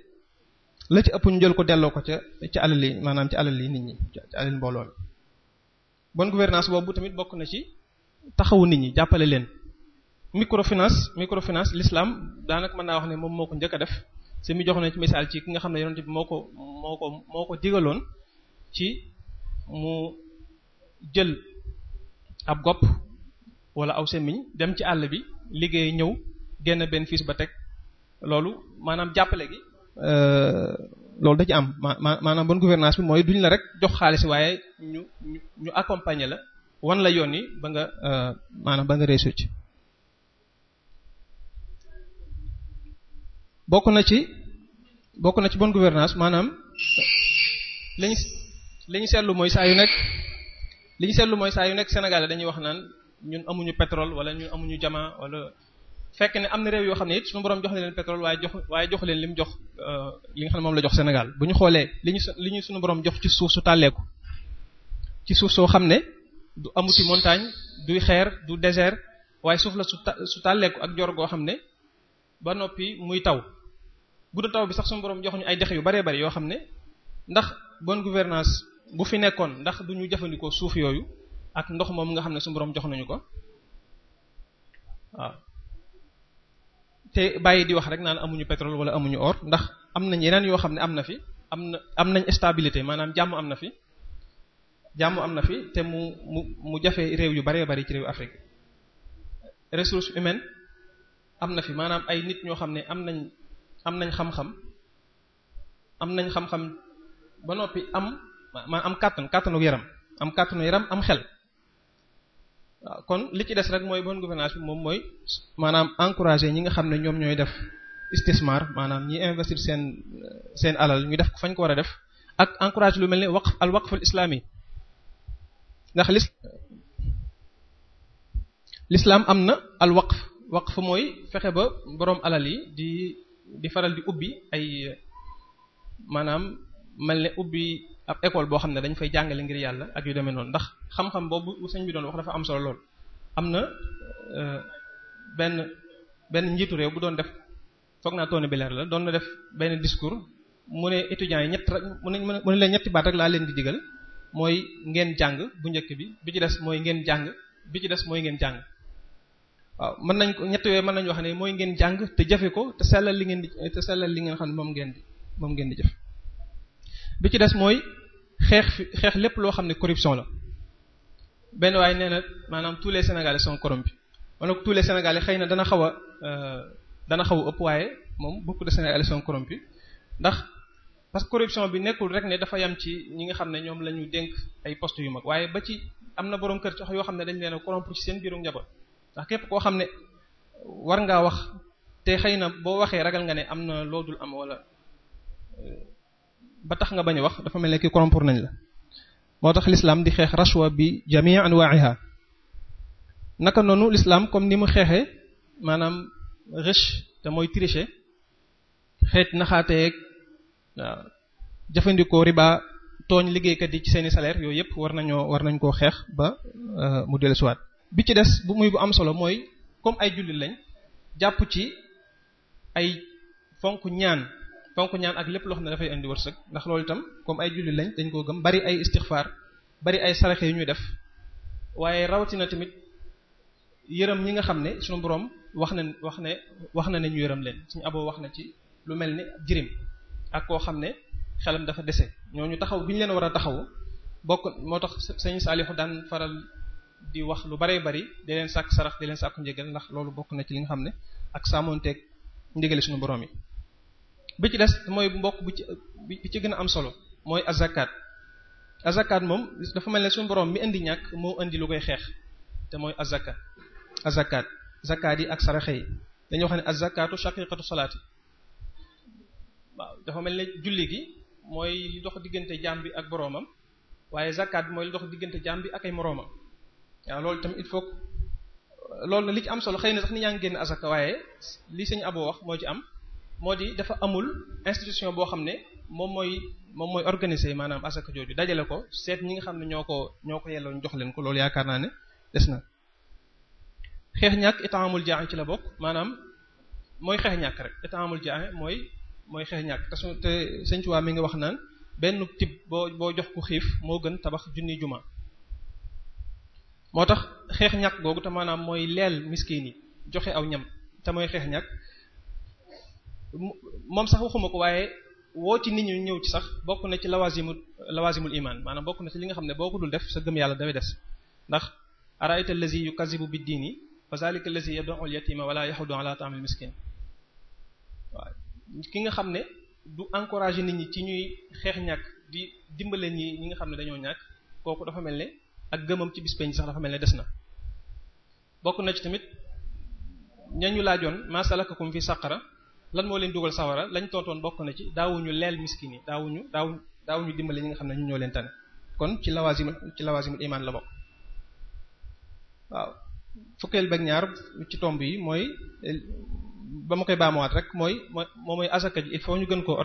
la ci ëpp ñu jël ko delloo ko ca ci alal yi maanaam ci alal yi nit ñi ci alal mbooloo boobu tamit bokk na ci taxawu nit ñi jàppale leen microfinance microfinance l'islam daanaka mën naa wax ne moom moo ko njëkk a def si mi jox na ci misaal ci ki nga xam ne yonent bi moo ko moo ko moo ko digaloon ci mu jël ab gopp wala aw semmiñ dem ci àll bi liggéey ñëw génn benn fiis ba teg loolu maanaam jàppale gi euh, loolu da am maanaam bonne gouvernance bi mooy duñ la rek jox xaalis waaye ñu ñu accompagner la wan la yoon yi ba nga euh, maanaam ba nga réussir ci bokk na ci bokk na ci bonne gouvernance maanaam li ñu seetlu mooy saa yu nekk li ñu seetlu mooy saa yu nekk Sénégal dañuy wax naan ñun amuñu petrole wala ñun amuñu jamaa wala fekk ne am na réew yoo xam ne it suñu borom jox na leen pétrole waaye jox waaye jox leen li mu jox li nga xam ne moom la jox Sénégal bu ñu xoolee li ñu li ñu suñu borom jox ci suuf su tàlleeku ci suuf soo xam ne du amuti montagne duy xeer du désert waaye suuf la su su tàlleeku ak jor goo xam ne ba noppi muy taw bu du taw bi sax suñu borom joxu ñu ay dex yu baree bari yoo xam ne ndax bon gouvernance bu fi nekkoon ndax du ñu jëfandikoo suuf yooyu ak ndox moom nga xam ne su boroom jox nañu ko waaw ah. te bàyyi di wax rek naan amuñu pétrole wala amuñu or ndax am nañ yeneen yoo xam ne am na fi am na am nañ stabilité maanaam jàmm am na fi jàmm am na fi te mu mu mu jafe réew yu bare bari ci réew Afrique ressource humaine am na fi maanaam ay nit ñoo xam ne am nañ am nañ xam-xam am nañ xam-xam ba noppi am ma am kàttan kàttanu yaram am kàttanu yaram am xel waaw kon li ci des rek mooy bonne gouvernance bi moom mooy maanaam encourager ñi nga xam ne ñoom ñooy def istismar maanaam ñi investir seen seen alal ñu def ko fañ ko war a def ak encourager lu mel ne waqf al waqful islami ndax lis l'islam am na al waqf fu mooy fexe ba boroom alal yi di di faral di ubbi ay maanaam mel ne ubbi ab école boo xam ne dañ fay jàngale ngir yàlla ak yu demee noonu ndax xam-xam boobu sëñ bi doon wax dafa am solo lool am na euh, benn benn njiitu réew bu doon def foog naa Tony Blair la doon na def benn discours mu ne étudiants yi ñett rek mu ne mu ne leen ñetti baat rek laa leen di digal mooy ngeen jàng bu njëkk bi bi ci des mooy ngeen jàng bi ci des mooy ngeen jàng waaw mën nañ ko ñett wee mën nañu wax ne mooy ngeen jàng te jafe ko te sellal li ngeen di te li ngeen xam ne moom ngeen moom ngeen di jëf bi ci des mooy xeex xeex lépp loo xam ne corruption la benn waaye nee na maanaam tous les sénégalais sont corrompus wala tous les sénégalais xëy na dana xaw a euh, dana xaw a ëpp waaye moom beaucoup de sénégalais sont corrompus ndax parce que corruption bi nekkul rek ne dafa yam ci ñi nga xam ne ñoom la ñu dénk ay postes yu mag waaye ba ci am na borom kër yoo xam ne dañ leen a corrompre ci seen biiru njaboot ndax képp koo xam ne war ngaa wax te xëy na boo waxee ragal nga ne am na loo am wala euh, ba tax nga bañ wax dafa mel ne ki corrompre nañ la moo tax lislaam di xeex rashwa bi jamii anwaa'iha naka noonu lislaam comme ni mu xeexee maanaam riche te mooy tricher xeet naxaateeg waaw jëfandikoo riba tooñ liggéeykat yi ci seeni salaire yooyu yëpp war nañoo war nañ koo xeex ba euh, mu dellusiwaat bi ci des bu muy bu am solo mooy comme ay jullit lañ jàpp ci ay fonk ñaan fonk ñaan ak lépp loo xam ne dafay indi wërsëg ndax loolu itam comme ay julli lañ dañ koo gëm bari ay istixfaar bari ay saraxe yu ñuy def waaye rawatina tamit yërëm ñi nga xam ne suñu boroom wax na wax ne wax na ne ñu yërëm leen suñu aboo wax na ci lu mel ni jirim ak koo xam ne xelam dafa dese ñoo ñu taxaw bi ñu leen war a taxaw bokk moo tax sëñ Saliou daan faral di wax lu baree bari di leen sàkk sarax di leen sàkku njëgal ndax loolu bokk na ci li nga xam ne ak saamoonteeg ndigali suñu boroom yi bi ci des mooy mbokk bu ci bi ci gën a am solo mooy azakaat azakaat moom dafa mel ne suñu borom mi indi ñàkk moo indi lu koy xeex te mooy azaka azakaat zakaat yi ak saraxe yi dañoo xam ne azakaatu shaqiqatu salaati waaw dafa mel ne julli gi mooy dox diggante jaam bi ak boroomam waaye zakat mooy li dox diggante jaam bi ak ay moroomam waaw loolu tamit il faut loolu na li ci am solo xëy na sax ni yaa ngi génn azaka waaye li sëñ aboo wax moo ci am moo di dafa amul institution boo xam ne moom mooy moom mooy organiser maanaam asaka jooju dajale ko seet ñi nga xam ne ñoo ko ñoo ko yelloo ñu jox leen ko loolu yaakaar naa ne des na xeex ñàkk itamul jaaxe ci la bokk maanaam mooy xeex ñàkk rek itamul jaaxe mooy mooy xeex ñàkk te su te mi nga wax naan benn tib boo boo jox ku xiif moo gën tabax junni juma moo tax xeex ñàkk googu te maanaam mooy leel miskin yi joxe aw ñam te mooy xeex ñàkk moom sax waxuma ko waaye woo ci nit ñu ñëw ci sax bokk na ci lawazimu lawazimul iman maanaam bokk na ci li nga xam ne boo ko dul def sa gëm yàlla dafay des ndax araayta allazi yukazibu bi diini fa zalika allazi yad'u al yatima wala yahuddu ala ta'amil miskin waaw ki nga xam ne du encourager nit ñi ci ñuy xeex ñàkk di dimbale ñi ñi nga xam ne dañoo ñàkk kooku dafa mel ne ak gëmam ci bis peñ sax dafa mel ne des na bokk na ci tamit ñañu laajoon ma salakakum fi saqara lan moo leen dugal sawara lañ tontoon bokk na ci daawuñu leel miskin yi daawuñu daawuñu daawuñu dimbale ñi nga xam ne ñu ñoo leen tane kon ci lawaasimul ci lawaasimul imaan la bokk waaw fukkeel bag ñaar ci tomb yi mooy ba ma koy baamuwaat rek mooy moo mooy asaka ji il faut ñu gën koo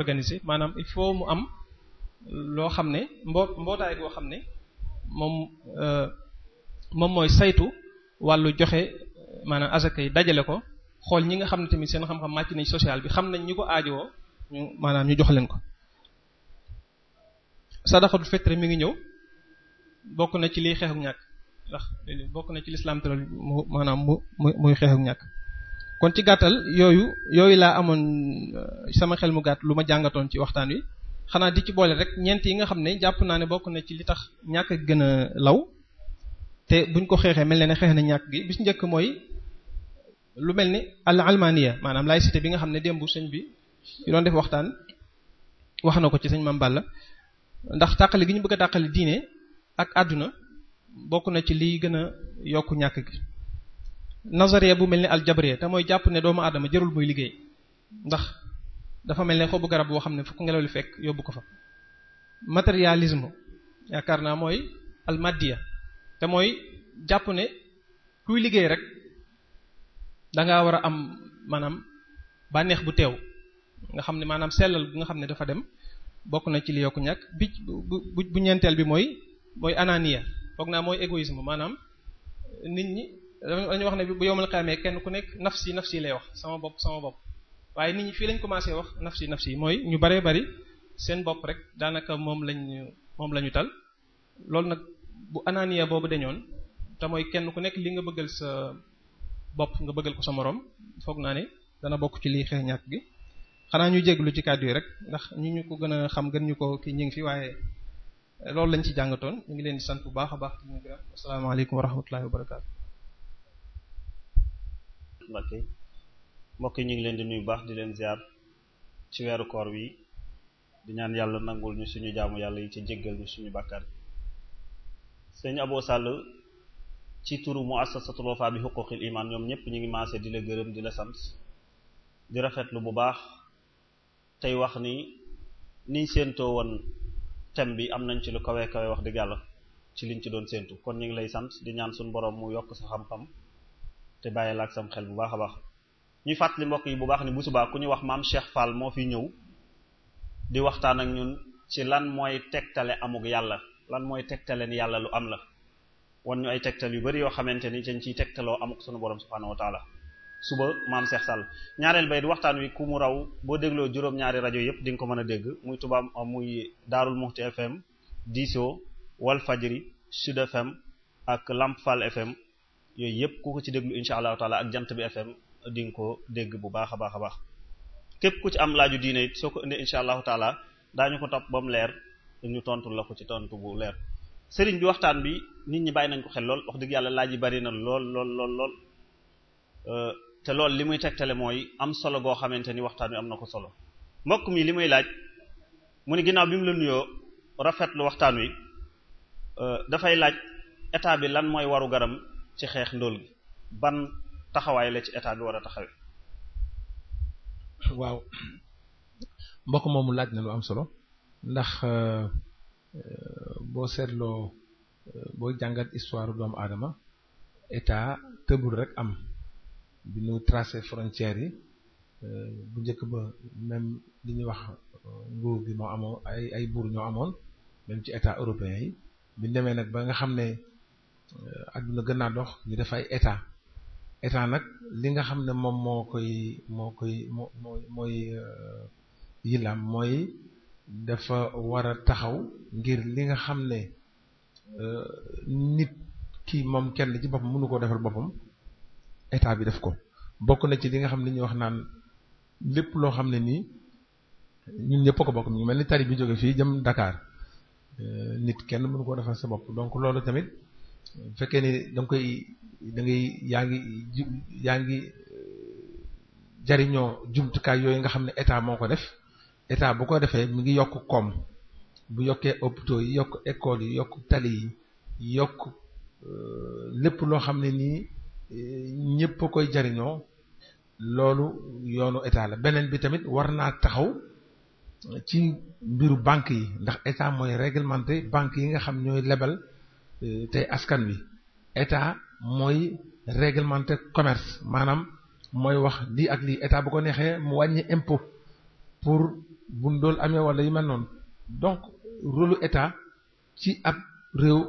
maanaam il faut mu am loo xam ne mbo mbootaay goo xam ne moom euh, moom mooy saytu wàllu joxe maanaam asaka yi dajale ko xool ñi nga xam ne tamit seen xam-xam màcc nañ social bi xam nañ ñi ko aajowoo ñu maanaam ñu jox leen ko sadaxatul fitr mi ngi ñëw bokk na ci liy xeexu ñàkk ndax bokk na ci lislaam tëral maanaam mu muy xeexu ñàkk kon ci gàttal yooyu yooyu laa amoon euh, sama xel mu gàtt lu ma jàngatoon ci waxtaan wi xanaa di ci boole rek ñeent yi nga xam ne jàpp naa ne bokk na ci li tax ñàkk gën a law te buñ ko xeexee mel na xeex na ñàkk gi bis njëkk mooy lu mel ni al almaniya maanaam laïcité bi nga xam ne démb sëñ bi yu doon def waxtaan wax na ko ci sëñ Mame Balla ndax tàqale gi ñu bëgg a tàqale diine ak àdduna bokk na ci liy gën a yokku ñàkk gi nazariya bu mel ni aljabriya te mooy jàpp ne doomu aadama jërul muy liggéey ndax dafa mel ne xobu garab boo xam ne fu ngelaw li fekk yóbbu ko fa matérialisme yaakaar naa mooy almadiya te mooy jàpp ne kuy liggéey rek dangaa war a am maanaam bànneex bu teew nga xam ne maanaam sellal bi nga xam ne dafa dem bokk na ci li yokku ñàkk bi bu bu ñeenteel bi mooy mooy anania foog naa mooy égoïsme maanaam nit ñi dañu wax ne bu yomal xamee kenn ku nekk si nafsi si lay wax sama bopp sama bopp waaye nit ñi fii lañ commencé wax si nafsi si mooy ñu baree bari seen bopp rek daanaka moom lañ moom la tal loolu nag bu anania boobu dañoon te mooy kenn ku nekk li nga bëggal sa bopp nga bëggal ko sa moroom foog naa ne dana bokk ci lii xeex ñàkk gi xanaa ñu jéglu ci kàddu yi rek ndax ñu ñu ko gën a xam gën ñu ko kii ñu ngi fi waaye eh, loolu lañ ci jàngatoon ñu ngi leen di sant bu baax a baax di ñu gërëm asalaamaaleykum wa ñu ngi leen di nuyu baax di leen ziar ci weeru koor wi di ñaan yàlla nangul ñu suñu jaamu yàlla yi ci jéggal ñu suñu bàkkaar sëñ Abo Sall ci turu muassasatul wafa bi xuquqil iman ñoom ñëpp ñu ngi maase di la gërëm di la sant di rafetlu bu baax tey wax ni niñ séentoo woon thème bi am nañ ci lu kawe kawe wax dëgg yàlla ci liñ ci doon séentu kon ñu ngi lay sant di ñaan suñu borom mu yokk sa xam-xam te bàyyi la ak sam xel bu baax a baax ñuy fàttali mbokk yi bu baax ni bu subaa ku ñu wax maam Cheikh Fall moo fi ñëw di waxtaan ak ñun ci lan mooy tegtale amug yàlla lan mooy tegtale ni yàlla lu am la wan ñu ay tegtal yu bari yoo xamante ni dañ ciy tegtaloo amuk sunu borom subhanahu wa taala suba maam Cheikh Sall ñaareel bay di waxtaan wi ku mu raw boo dégloo juróom-ñaari rajo yëpp di nga ko mën a dégg muy tubaab muy Darou Mouhty FM Diso Walf Fadjri Sud FM ak Lamp Fall FM yooyu yëpp ku ko ci déglu incha allahu taala ak Jant bi FM di nga ko dégg bu baax a baax a baax képp ku ci am laaju diine it soo ko indee incha allahu taala daañu ko topp ba mu leer ñu tontu la ko ci tontu bu leer. sëriñ bi waxtaan bi nit ñi bàyyi nañ ko xel lool wax dëgg yàlla laaj yi bari na lool lool lool lool te lool li muy tegtale mooy am solo goo xamante ni waxtaan bi am na ko solo mbokk mi li muy laaj mu ni ginnaaw bi mu la nuyoo rafetlu waxtaan wi euh, dafay laaj état bi lan mooy waru garam ci xeex ndóol ban taxawaay la ci état bi war a taxawe waaw moomu laaj na lu am solo ndax euh, boo seetloo boo jàngat histoire doomu aadama état tëbul rek am bi ñu tracé frontières yi bu njëkk ba même li ñuy wax nguur bi moo amoon ay ay buur ñoo amoon même ci état européen yi bi ñu demee nag ba nga xam ne adduna gën naa dox ñu def ay état état nag li nga xam ne moom moo koy moo koy moo mooy euh, yillaam mooy dafa war a taxaw ngir li nga xam ne euh, nit ki moom kenn ci boppam mënu koo defal boppam état bi def ko bokk na ci li nga xam ne ñuy wax naan lépp loo xam ne nii ñun ñëpp ko bokk ñu mel ni tari bi jóge fii jëm Dakar euh, nit kenn mënu koo defal sa bopp donc loolu tamit fekkee ni danga koy dangay ngay yaa ngi yaa ngi euh, jariñoo jumtukaay yooyu nga xam ne état moo ko def état bu ko defee mu ngi yokk koom bu yokkee hôpitaux yi yokk école yi yokk tali yi yokk euh, lépp loo xam ne nii euh, ñépp a koy jariñoo loolu yoonu état la beneen bi tamit war naa taxaw ci mbiru banque yi ndax état mooy réglementé banque yi nga xam ñooy lebal euh, tey askan wi état mooy réglementé commerce maanaam mooy wax lii ak lii état bu ko neexee mu wàññi impôt pour bu ndool amee wala yu mel noonu donc rôle état ci ab réew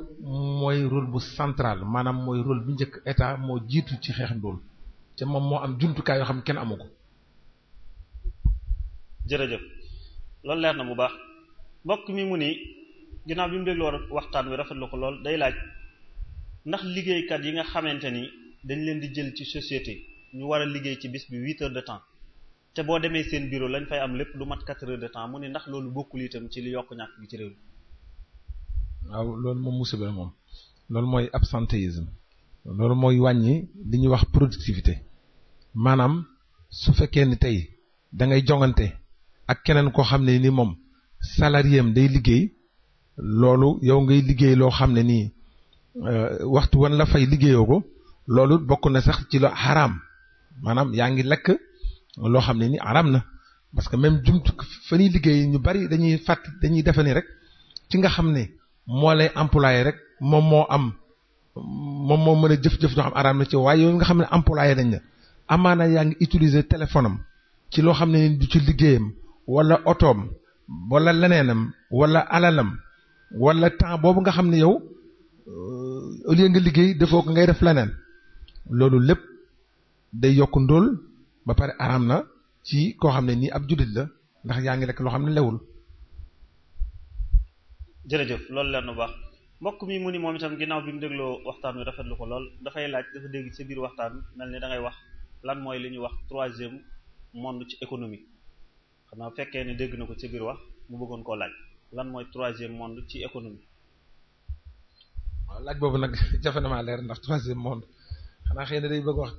mooy rôle bu central maanaam mooy rôle bu njëkk état moo jiitu ci xeex ndool te moom moo am jumtukaay yoo xam kenn amu ko. jërëjëf loolu leer na bu baax mbokk mi mu ni ginnaaw bi mu dégloo waxtaan wi rafet lu ko lool day laaj ndax liggéeykat yi nga xamante ni dañ leen di jël ci société ñu war a liggéey ci bis bi huit heures de temps. te boo demee seen bureau lañ fay am lépp du mat quatre heures de temps mu ne ndax loolu bokkul itam ci li yokk ñàkk bi ci réew mi waaw loolu moom musiba moom loolu mooy absentéisme loolu mooy wàññi li ñuy wax productivité maanaam su fekkee ni tey dangay ngay jongante ak keneen koo xam ne ni moom salarié am day liggéey loolu yow ngay liggéey loo xam ne nii euh, waxtu wan la fay liggéeyoo ko loolu bokk na sax ci la xaraam maanaam yaa ngi lekk loo xam ne nii araam na parce que même jumtu fa ñuy liggéey ñu bari dañuy fàtt dañuy defe ni rek ci nga xam ne moo lay employé rek moom moo am moom moo mën a jëf-jëf ñoo xam araam na ci waaye yooyu nga xam ne employé nañ la amaana yaa ngi utiliser téléphone ci loo xam ne du ci liggéeyam wala otoom walla leneenam wala alalam wala temps boobu nga xam ne yow euh, au nga liggéey defoo ko ngay def leneen loolu lépp day yokk ndóol ba pare araam na ci koo xam ne nii ab jullit la ndax yaa ngi lekk loo xam ne lewul jërëjëf loolu leer na baax mbokk mi mu ni moom itam ginnaaw bi mu dégloo waxtaan wi rafet lu ko lool dafay laaj dafa dégg ci biir waxtaan mel ni da ngay wax lan mooy li ñuy wax troisième monde ci économie xam naa fekkee ne dégg na ko ci wax mu bëggoon koo laaj lan mooy troisième monde ci économie. waaw laaj boobu nag jafe na maa leer ndax troisième monde xanaa xëy na day bëgg wax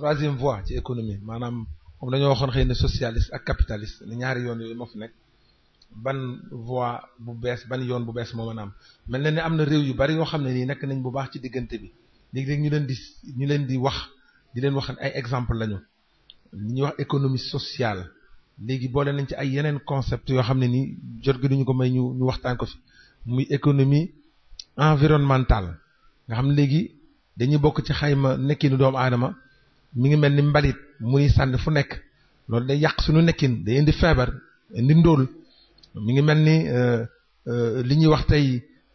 troisième voie ci économie maanaam comme dañoo waxoon xëy ne socialiste ak capitalist ne ñaari yoon yooyu moo fi nekk ban voie bu bees ban yoon bu bees moo mën a am mel na ne am na réew yu bari yoo xam ne nii nekk nañ bu baax ci diggante bi léegi-léegi ñu leen di ñu leen di wax di leen wax ay exemple lañu li ñuy wax économie sociale léegi boole nañ ci ay yeneen concept yoo xam ne nii jot gi duñu ko may ñu ñu waxtaan ko fi muy économie environnementale nga xam léegi dañuy bokk ci xayma nekkinu doomu aadama mi ngi mel ni mbalit mu ngi sànni fu nekk loolu day yàq suñu nekkin day indi feebar indi ndóol mi ngi mel ni euh, euh, li ñuy wax tey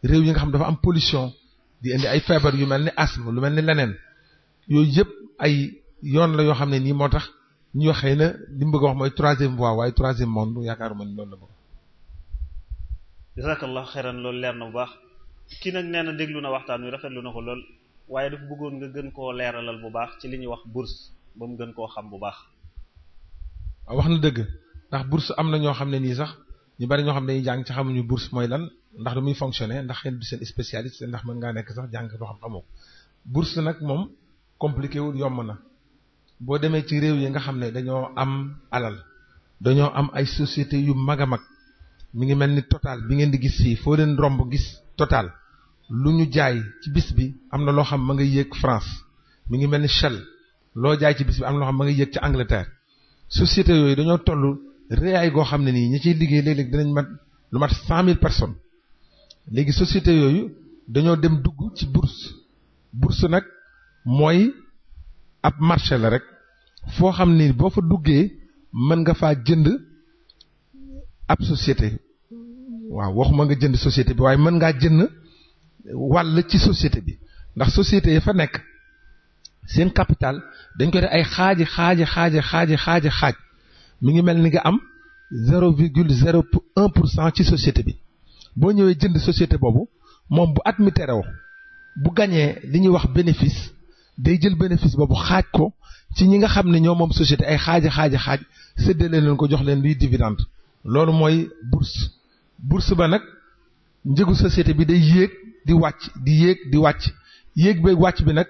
réew yi nga xam dafa am polition di indi ay feebar yu mel ni asthme lu mel ni leneen yooyu yëpp ay yoon la yoo xam ne nii moo tax ñu waxee na li mu bëgg a wax mooy troisième voie waaye troisième monde yaakaaruma ni loolu la bëgg. jazakallahu xeyran loolu leer na bu baax kii nag nee na déglu na waxtaan wi rafetlu na ko lool. waaye dafa bëggoon nga gën koo leeralal bu baax ci li ñuy wax bourse ba mu gën koo xam bu baax. wax na dëgg ndax bourse am na ñoo xam ne nii sax ñu bari ñoo xam ne dañuy jàng ci xamuñu bourse mooy lan ndax du muy fonctionner ndax xel du seen spécialiste ndax mën ngaa nekk sax jàng loo xam xamoo bourse nag moom compliqué wul yomb na boo demee ci réew yi nga xam ne dañoo am alal dañoo am ay sociétés yu mag a mag mu ngi mel ni Total bi ngeen di gis fii foo leen romb gis Total. lu ñu jaay ci bis bi am na loo xam ma nga yéeg France mi ngi mel ni challe loo jaay ci bis bi am na loo xam ma nga yéeg ci Angleterre société yooyu dañoo toll réyaay goo xam ne nii ñi ciy liggéey léeg-léeg dinañ mat lu mat cent mille personnes léegi société yooyu dañoo dem dugg ci bourse bourse nag mooy ab marché la rek foo xam ni boo fa duggee mën nga faa jënd ab société waaw ma nga jënd société bi waaye mën ngaa jënd wàll ci société bi ndax société yi fa nekk seen capital dañ ko def ay xaaji xaaji xaaji xaaji xaaji xaaj mi ngi mel ni nga am zéro virgule zéro un pour cent ci société bi boo ñëwee jënd société boobu moom bu at mi terewoo bu gañee li ñuy wax bénéfice day jël bénéfice boobu xaaj ko ci ñi nga xam ne ñoo moom société ay xaaji xaaji xaaj séddale leen ko jox leen luy dividende loolu mooy bourse bourse ba nag njëgu société bi day yéeg di wàcc di yéeg di wàcc yéeg beeg wàcc bi nag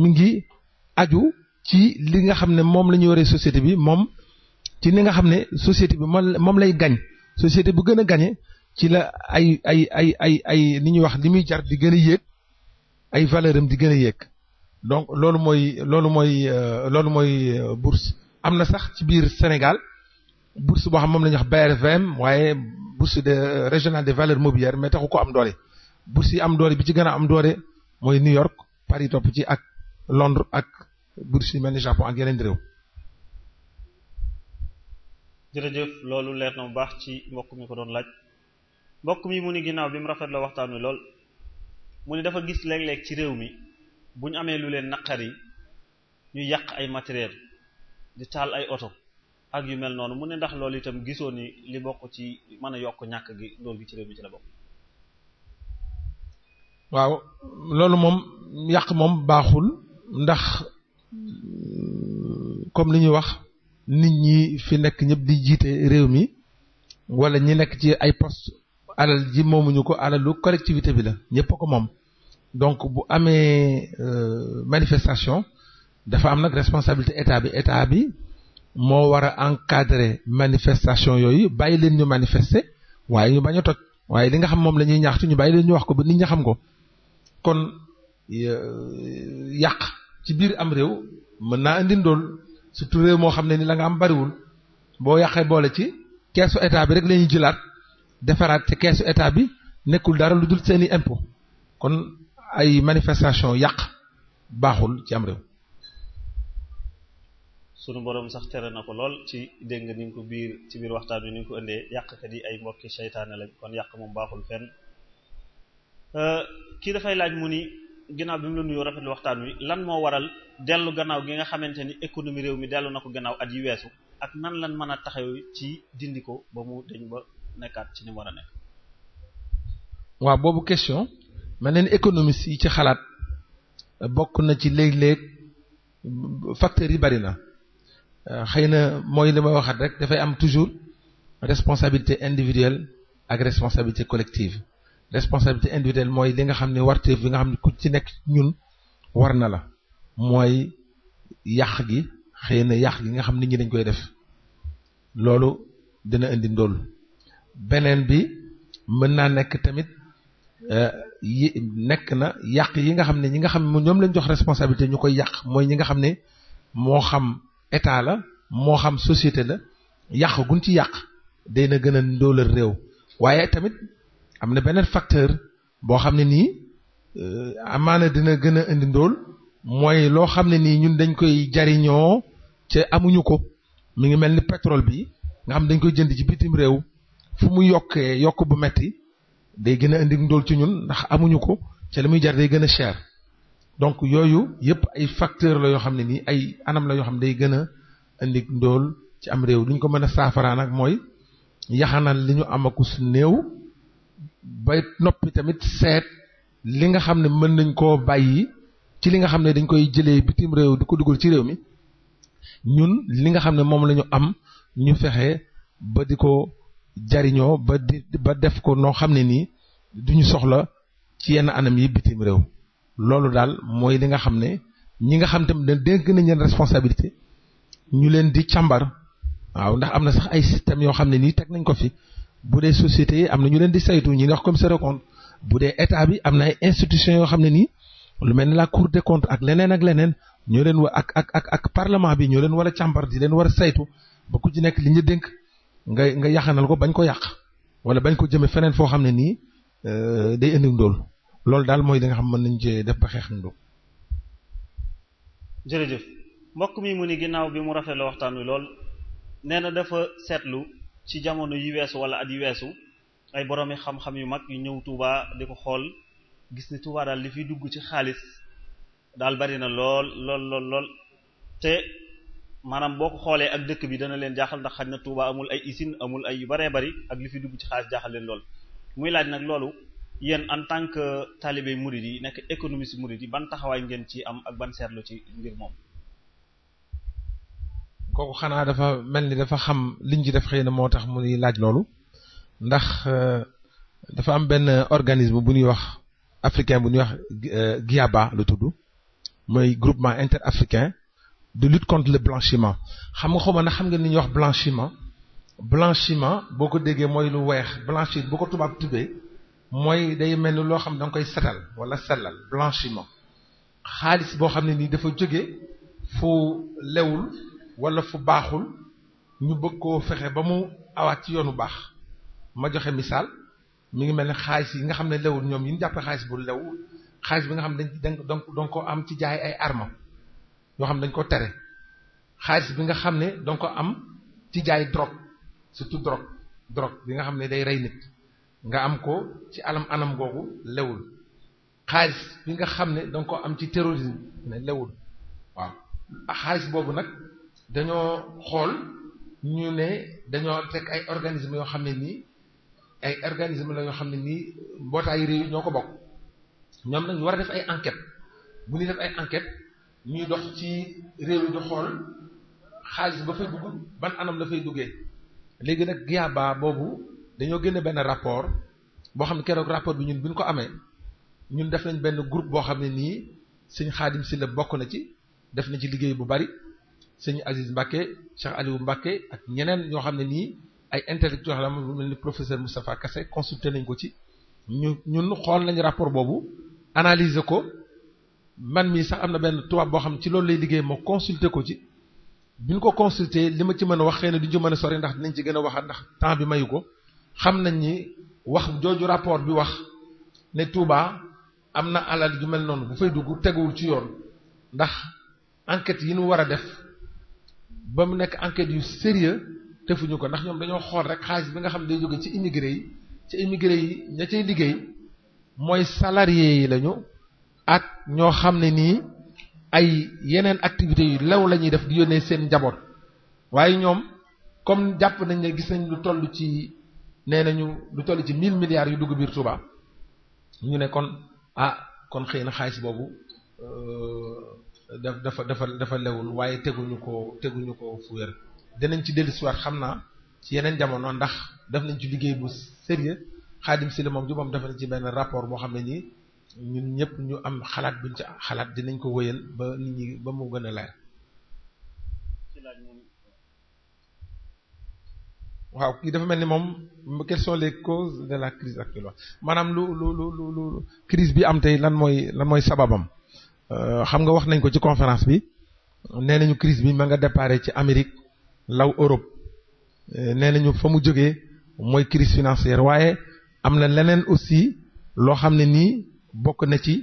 mi ngi aju ci li nga xam ne moom la ñu waree société bi moom ci li nga xam ne société bi moom moom lay gañ société bu gën a gañe ci la ay ay ay ay ay li ñuy wax li muy jar di gën a yéeg ay valeur am di gën a yéeg donc loolu mooy loolu mooy euh, loolu mooy euh, bourse am na sax ci biir Sénégal bourse boo xam moom la ñuy wax BRVM waaye bourse de euh, régionale de valeurs mobilières mais taxu ko am doole bourse yi am doole bi ci gën a am doore mooy New York Paris topp ci ak Londres ak bourse yu mel ni Japon ak yeneen réew. jërëjëf loolu leer na bu baax ci mbokk mi ko doon laaj mbokk mi mu ni ginnaaw bi mu rafet la waxtaan wi lool mu ne dafa gis léeg-léeg ci réew mi bu ñu amee lu leen naqari ñu yàq ay matériel di taal ay oto ak yu mel noonu mu ne ndax loolu itam gisoo ni li bokk ci mën a yokk ñàkk gi loolu gi ci réew mi ci la bokk. waaw loolu moom yàq moom baaxul ndax comme li ñuy wax nit ñi fi nekk ñëpp di jiite réew mi wala ñi nekk ci ay poste alal ji moomuñu ko alalu collectivité bi la ñëpp ko moom donc bu amee euh, manifestation dafa am nag responsabilité état bi état bi moo war a encadrer manifestation yooyu bàyyi leen ñu manifester waaye ñu bañ a toj waaye li nga xam moom la ñuy ñaxtu ñu bàyyi leen ñu wax ko ba nit ñi xam ko kon yàq ci biir am réew mën naa indi ndóol surtout réew moo xam ne ni la nga am bariwul boo yàqee boole ci keesu état bi rek la ñuy jëlaat defaraat ci keesu état bi nekkul dara lu dul seeni impôt kon ay manifestation yàq baaxul ci am réew sunu borom sax tere na ko lool ci dégg nga ni ko biir ci biir waxtaan wi ni nga ko indee yàqkat di ay mbokki seytaane lañ kon yàq moom baaxul fen Euh, kii dafay laaj mu ni ginnaaw bi mu la nuyoo rafetlu waxtaan wi lan moo waral dellu gannaaw gi nga xamante ni économie réew mi dellu na ko gannaaw at yi weesu ak nan lan mën a taxaw ci dindi ko ba mu dañ ba nekkaat ci ni mu a nekk. waaw boobu question ma ne économistes yi ci xalaat bokk na ci léeg-léeg facteurs yi bari na euh, xëy na mooy li may waxaat rek dafay am toujours responsabilité individuelle ak responsabilité collective. responsabilité individuelle mooy li nga xam ne warteef bi nga xam ne ku ci nekk ñun war na la mooy yàq gi xëy na yàq gi nga xam nit ñi dañ koy def loolu dina indi ndool beneen bi mën naa nekk tamit euh, yi nekk na yàq yi nga xam ne ñi nga xam ne ñoom lañ jox responsabilité ñu koy yàq mooy ñi nga xam ne moo xam état la moo xam société la yàq guñ ci yàq day na gën a ndóolal réew waaye tamit am na beneen facteur boo xam ne nii euh, amaana dina gën a indi ndóol mooy loo xam ne nii ñun dañ koy jariñoo ca amuñu ko mu ngi mel ni petrole bi nga xam dañ koy jënd ci bitim réew fu mu yokkee yokk bu metti day gën a indi ndóol ci ñun ndax amuñu ko ca li muy jar day gën a cher donc yooyu yëpp ay facteur la yoo xam ne nii ay anam la yoo xam ne day gën a indi ndóol ci am réew li ko mën a saafaraan ak mooy yaxanal li ñu am akus néew ba noppi tamit seet li nga xam ne mën nañ koo bàyyi ci li nga xam ne dañ koy jëlee bitim réew di ko dugal ci réew mi ñun li nga xam ne moom lañu am ñu fexe ba di ko jariñoo ba di ba def ko noo xam ne nii duñu soxla ci yenn anam yi bitim réew loolu daal mooy li nga xam ne ñi nga xam tam tamit dénk nañ leen responsabilité ñu leen di càmbar waaw ndax am na sax ay système yoo xam ne nii teg nañ ko fi bu dee société yi am na ñu leen di saytu ñu wax comme ça recompte bu dee état bi am na ay institutions yoo xam ne nii lu mel ni la cour des comptes ak leneen ak leneen ñoo leen wa ak ak ak ak parlement bi ñoo leen war a càmbar di leen war a saytu ba ku ci nekk li ñu dénk nga nga yaxanal ko bañ ko yàq wala bañ ko jëme feneen foo xam ne nii euh, day indi ndóol loolu daal mooy li nga xam mën nañ cee def ba xeex ndóol. jërëjëf mbokk mi mu ni ginnaaw bi mu rafetlu waxtaan wi lool nee na dafa seetlu. ci jamono yi weesu wala at yi weesu ay boroomi xam-xam yu mag yu ñëw tuubaa di ko xool gis ni Touba daal li fiy dugg ci xaalis daal bari na lool lool lool lool te maanaam boo ko xoolee ak dëkk bi dana leen jaaxal ndax xaj na Touba amul ay usine amul ay yu baree bari ak li fi dugg ci xaalis jaaxal leen lool muy laaj nag loolu yéen en tant que talibé murid yi nekk économiste murid yi ban taxawaay ngeen ci am ak ban seetlu ci ngir moom kooku xanaa dafa mel ni dafa xam liñ ci def xëy na moo tax mu muy laaj loolu ndax euh, dafa am benn organisme bu ñuy wax africain bu ñuy wax euh, GIABA lu tudd mooy groupement inter interafricain de lutte contre le blanchiment xam nga xawma na xam nga li ñuy wax blanchiment blanchiment boo ko déggee mooy lu weex blanchir boo ko tubaab tuddee mooy day mel ni loo xam da koy setal wala sellal blanchiment xaalis boo xam ne nii dafa jóge fu lewul wala fu baaxul ñu bëgg koo fexe ba mu awaat ci yoonu baax ma joxe misaal mi ngi mel ne xaalis yi nga xam ne lewul ñoom yi ñu jàppee xaalis bu lew xaalis bi nga xam ne dañ dañ dañ ko am ci jaay ay armes yoo xam dañ ko tere xaalis bi nga xam ne dañ ko am ci jaay drogue surtout drogue drogue bi nga xam ne day rey nit nga am ko ci alam anam googu lewul xaalis bi nga xam ne dañ ko am ci terrorisme ne lewul waaw xaalis boobu nag. dañoo xool ñu ne dañoo teg ay organisme yoo xam ne nii ay organisme la yoo xam ne nii mbootaayu réew yi ñoo ko bokk ñoom nag war a def ay enquête bu ñuy def ay enquête ñuy dox ci réew yi di xool xaalis ba fay dugg ban anam la fay duggee léegi nag GIABA boobu dañoo génne benn rapport boo xam ne keroog rapport bi ñun bu ñu ko amee ñun def nañ benn groupe boo xam ne nii Sëriñ Xaadim si la bokk na ci def na ci liggéey bu bari sëñ Aziz Mbacke Cheikh Aliou Mbacke ak ñeneen ñoo xam ne nii ay intellectuels la mu mel ni professeur Moustapha Kassé consulté nañ ko ci ñu ñun xool nañu rapport boobu analyser ko man mii sax am na benn tubaab boo xam ne ci loolu lay liggéey moo consulter ko ci bi ñu ko consulter li ma ci mën a wax xëy na duñ ci mën a sori ndax dinañ ci gën a waxaat ndax temps bi mayu ko xam nañu ni wax jooju rapport bi wax ne Touba am na alal ju mel noonu bu fay dugg teguwul ci yoon ndax enquête yi ñu war a def ba mu nekk enquête yu sérieux tefuñu ko ndax ñoom dañoo xool rek xaalis bi nga xam day jóge ci immigré yi ci immigré yi liggéey mooy salarié yi lañu ak ñoo xam ne nii ay yeneen activités yu lew la ñuy def di yónnee seen njaboot waaye ñoom comme jàpp nañ ne gis nañ lu toll ci nee nañu lu toll ci mille milliards yu dugg biir Touba ñu ne kon ah kon xëy na xaalis boobu euh, dafa dafa dafa lewul waaye teguñu ko teguñu ko fu wér dinañ ci dellusiwaat xam naa ci yeneen jamono ndax def nañ ci liggéey bu sérieux xaadim si la moom ju moom def nañ ci benn rapport boo xam ne nii ñun ñëpp ñu am xalaat buñ ci xalaat dinañ ko wéyal ba nit ñi ba mu gën a leer waaw kii dafa mel ni moom quelles sont les causes de la crise actuelle maanaam lu lu lu lu crise bi am tey lan mooy lan mooy sababam Euh, xam nga wax nañ ko ci conférence bi nee nañu crise bi ma nga déparé ci Amérique law Europe euh, nee nañu fa mu jógee mooy crise financière waaye am na leneen aussi loo xam ne nii bokk na ci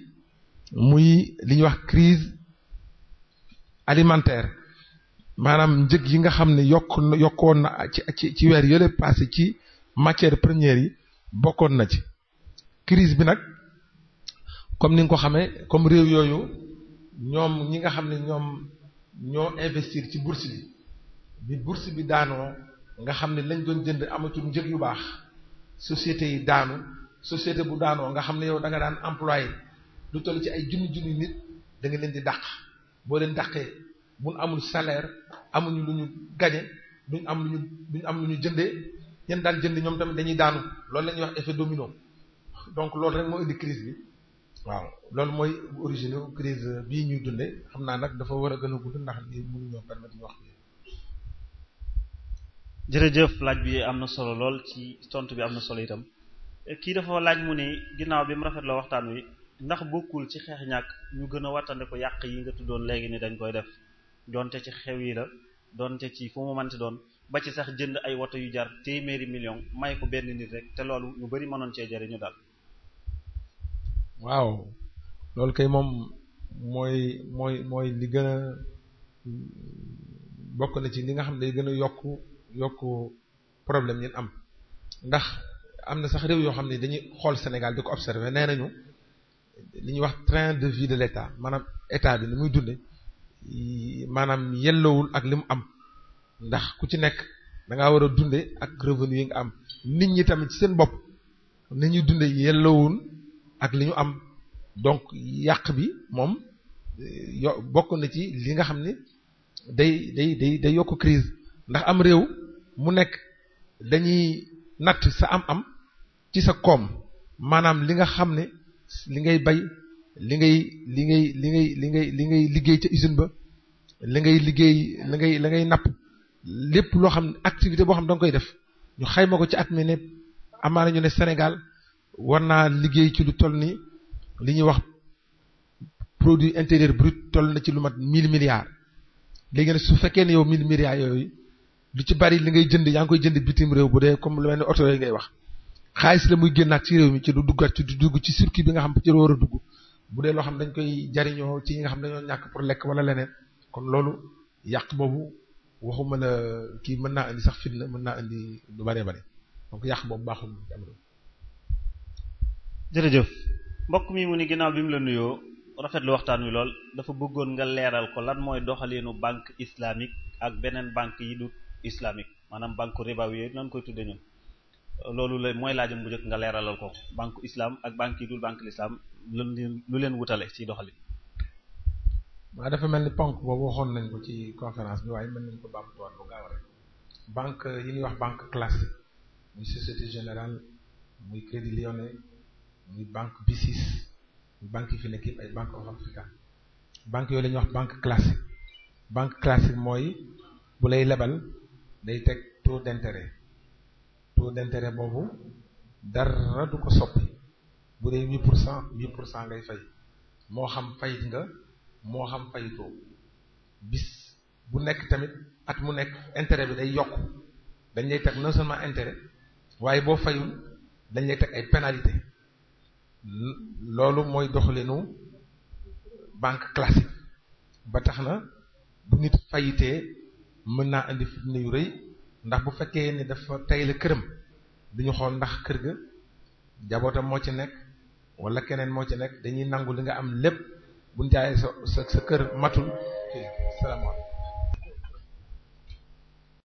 muy li ñuy wax crise alimentaire maanaam njëg yi nga xam ne yokk yokkoon na ci ci ci weer yële passé ci matière première yi bokkoon na ci crise bi nag comme ni nga ko xamee comme réew yooyu ñoom ñi nga xam ne ñoom ñoo investir ci bourse bi bi bourse bi daanoo nga xam ne lañ doon jënd amatul njëg yu baax société yi daanu société bu daanoo nga xam ne yow danga daan employé lu toll ci ay junni junni nit da nga leen di dàq boo leen dàqee bu amul salaire amuñu lu ñu gañe duñ am lu ñu duñ am lu ñu jëndee ñen daan jënd ñoom tamit dañuy daanu loolu la ñuy wax effet domino donc loolu rek moo indi crise bi waaw loolu mooy origine crise bii ñuy dunde xam naa nag dafa war a gën a gudd ndax lii mënu ñoo permettre ñu wax bi jërëjëf laaj bi am na solo lool ci tontu bi am na solo itam kii dafa laaj mu ne ginnaaw bi mu rafet la waxtaan wi ndax bokkul ci xeex ñàkk ñu gën a wattande ko yàq yi nga tuddoon léegi ni dañ koy def donte ci xew yi la donte ci fu mu mënti doon ba ci sax jënd ay woto yu jar téeméeri million may ko benn nit rek te loolu ñu bari mënoon cee jariñu daal waaw loolu kay moom mooy mooy mooy li gën a bokk na ci li nga xam ne day gën a yokk yokk problème ñin am ndax am na sax réew yoo xam ne dañuy xool Sénégal di ko observer nee nañu li ñu wax train de vie de l'État maanaam état bi ni muy dunde maanaam yellowul ak li mu am ndax ku ci nekk da ngaa war a dunde ak revenu yi nga am nit ñi tamit seen bopp ni ñuy dunde yellowul ak li ñu am donc yàq bi moom eh, yo bokk na ci li nga xam ni day day day day yokk crise ndax am réew mu nekk dañuy natt sa am-am ci sa koom maanaam li nga xam ne li ngay bay li ngay li ngay li ngay li ngay li ngay liggéey ca usine ba li ngay liggéey la ngay la ngay napp lépp loo xam ne activité boo xam ne danga koy def ñu xayma ko ci at mi ne amaana ñu ne Sénégal war naa liggéey ci lu toll nii li ñuy wax produit intérieur brut toll na ci lu mat mille milliards léegi nag su fekkee ne yow mille milliards yooyu lu ci bari li ngay jënd yaa ngi koy jënd bitim réew bu dee comme lu mel ne oto yooyu wax xaalis la muy génnaat ci ci du duggaat ci du dugg ci circuit bi nga xam ci war a dugg bu dee loo xam dañ koy jariñoo ci ñi nga xam dañoo ñàkk pour lekk wala leneen kon loolu yàq boobu waxuma la kii mën naa indi sax fitna mën naa indi lu bari bari donc yàq boobu baaxul jërëjëf mbokk mi mu ni ginnaaw bi mu la nuyoo rafetlu waxtaan wi lool dafa bëggoon nga leeral ko lan mooy doxaliinu banque islamique ak beneen banque yi du islamique maanaam banque riba wi yooyu koy tudde ñun loolu la mooy laajam bu njëkk nga leeralal ko banque islam ak banque yi dul banque l'islam lu lu leen wutale ci doxalin. waaw dafa mel ni ponk boobu waxoon nañ ko ci conférence waaye mën nañ ko bamtuwaat bu yi ñuy wax banque classique muy société général muy crédit lyonnais muy banque BICIS banque yi fi nekk ay banque of africaine banque yooyu lañuy wax banque classique banque classique mooy bu lay lebal day teg taux d'intérêt taux d'intérêt boobu dara du ko soppi bu dee huit pour cent huit pour cent ngay fay moo xam fayit nga moo xam fayitoo bis bu nekk tamit at mu nekk intérêt bi day yokk dañ lay teg non seulement intérêt waaye boo fayul dañ lay teg ay pénalité loolu mooy doxalinu banque classique ba tax na bu nit fayitee mën naa indi fitna yu rëy ndax bu fekkee ne dafa tay la këram duñu xool ndax kër ga jabootam moo ci nekk walla keneen moo ci nekk dañuy nangu li nga am lépp buñ jaayee sa sa kër matul salaamaaleykum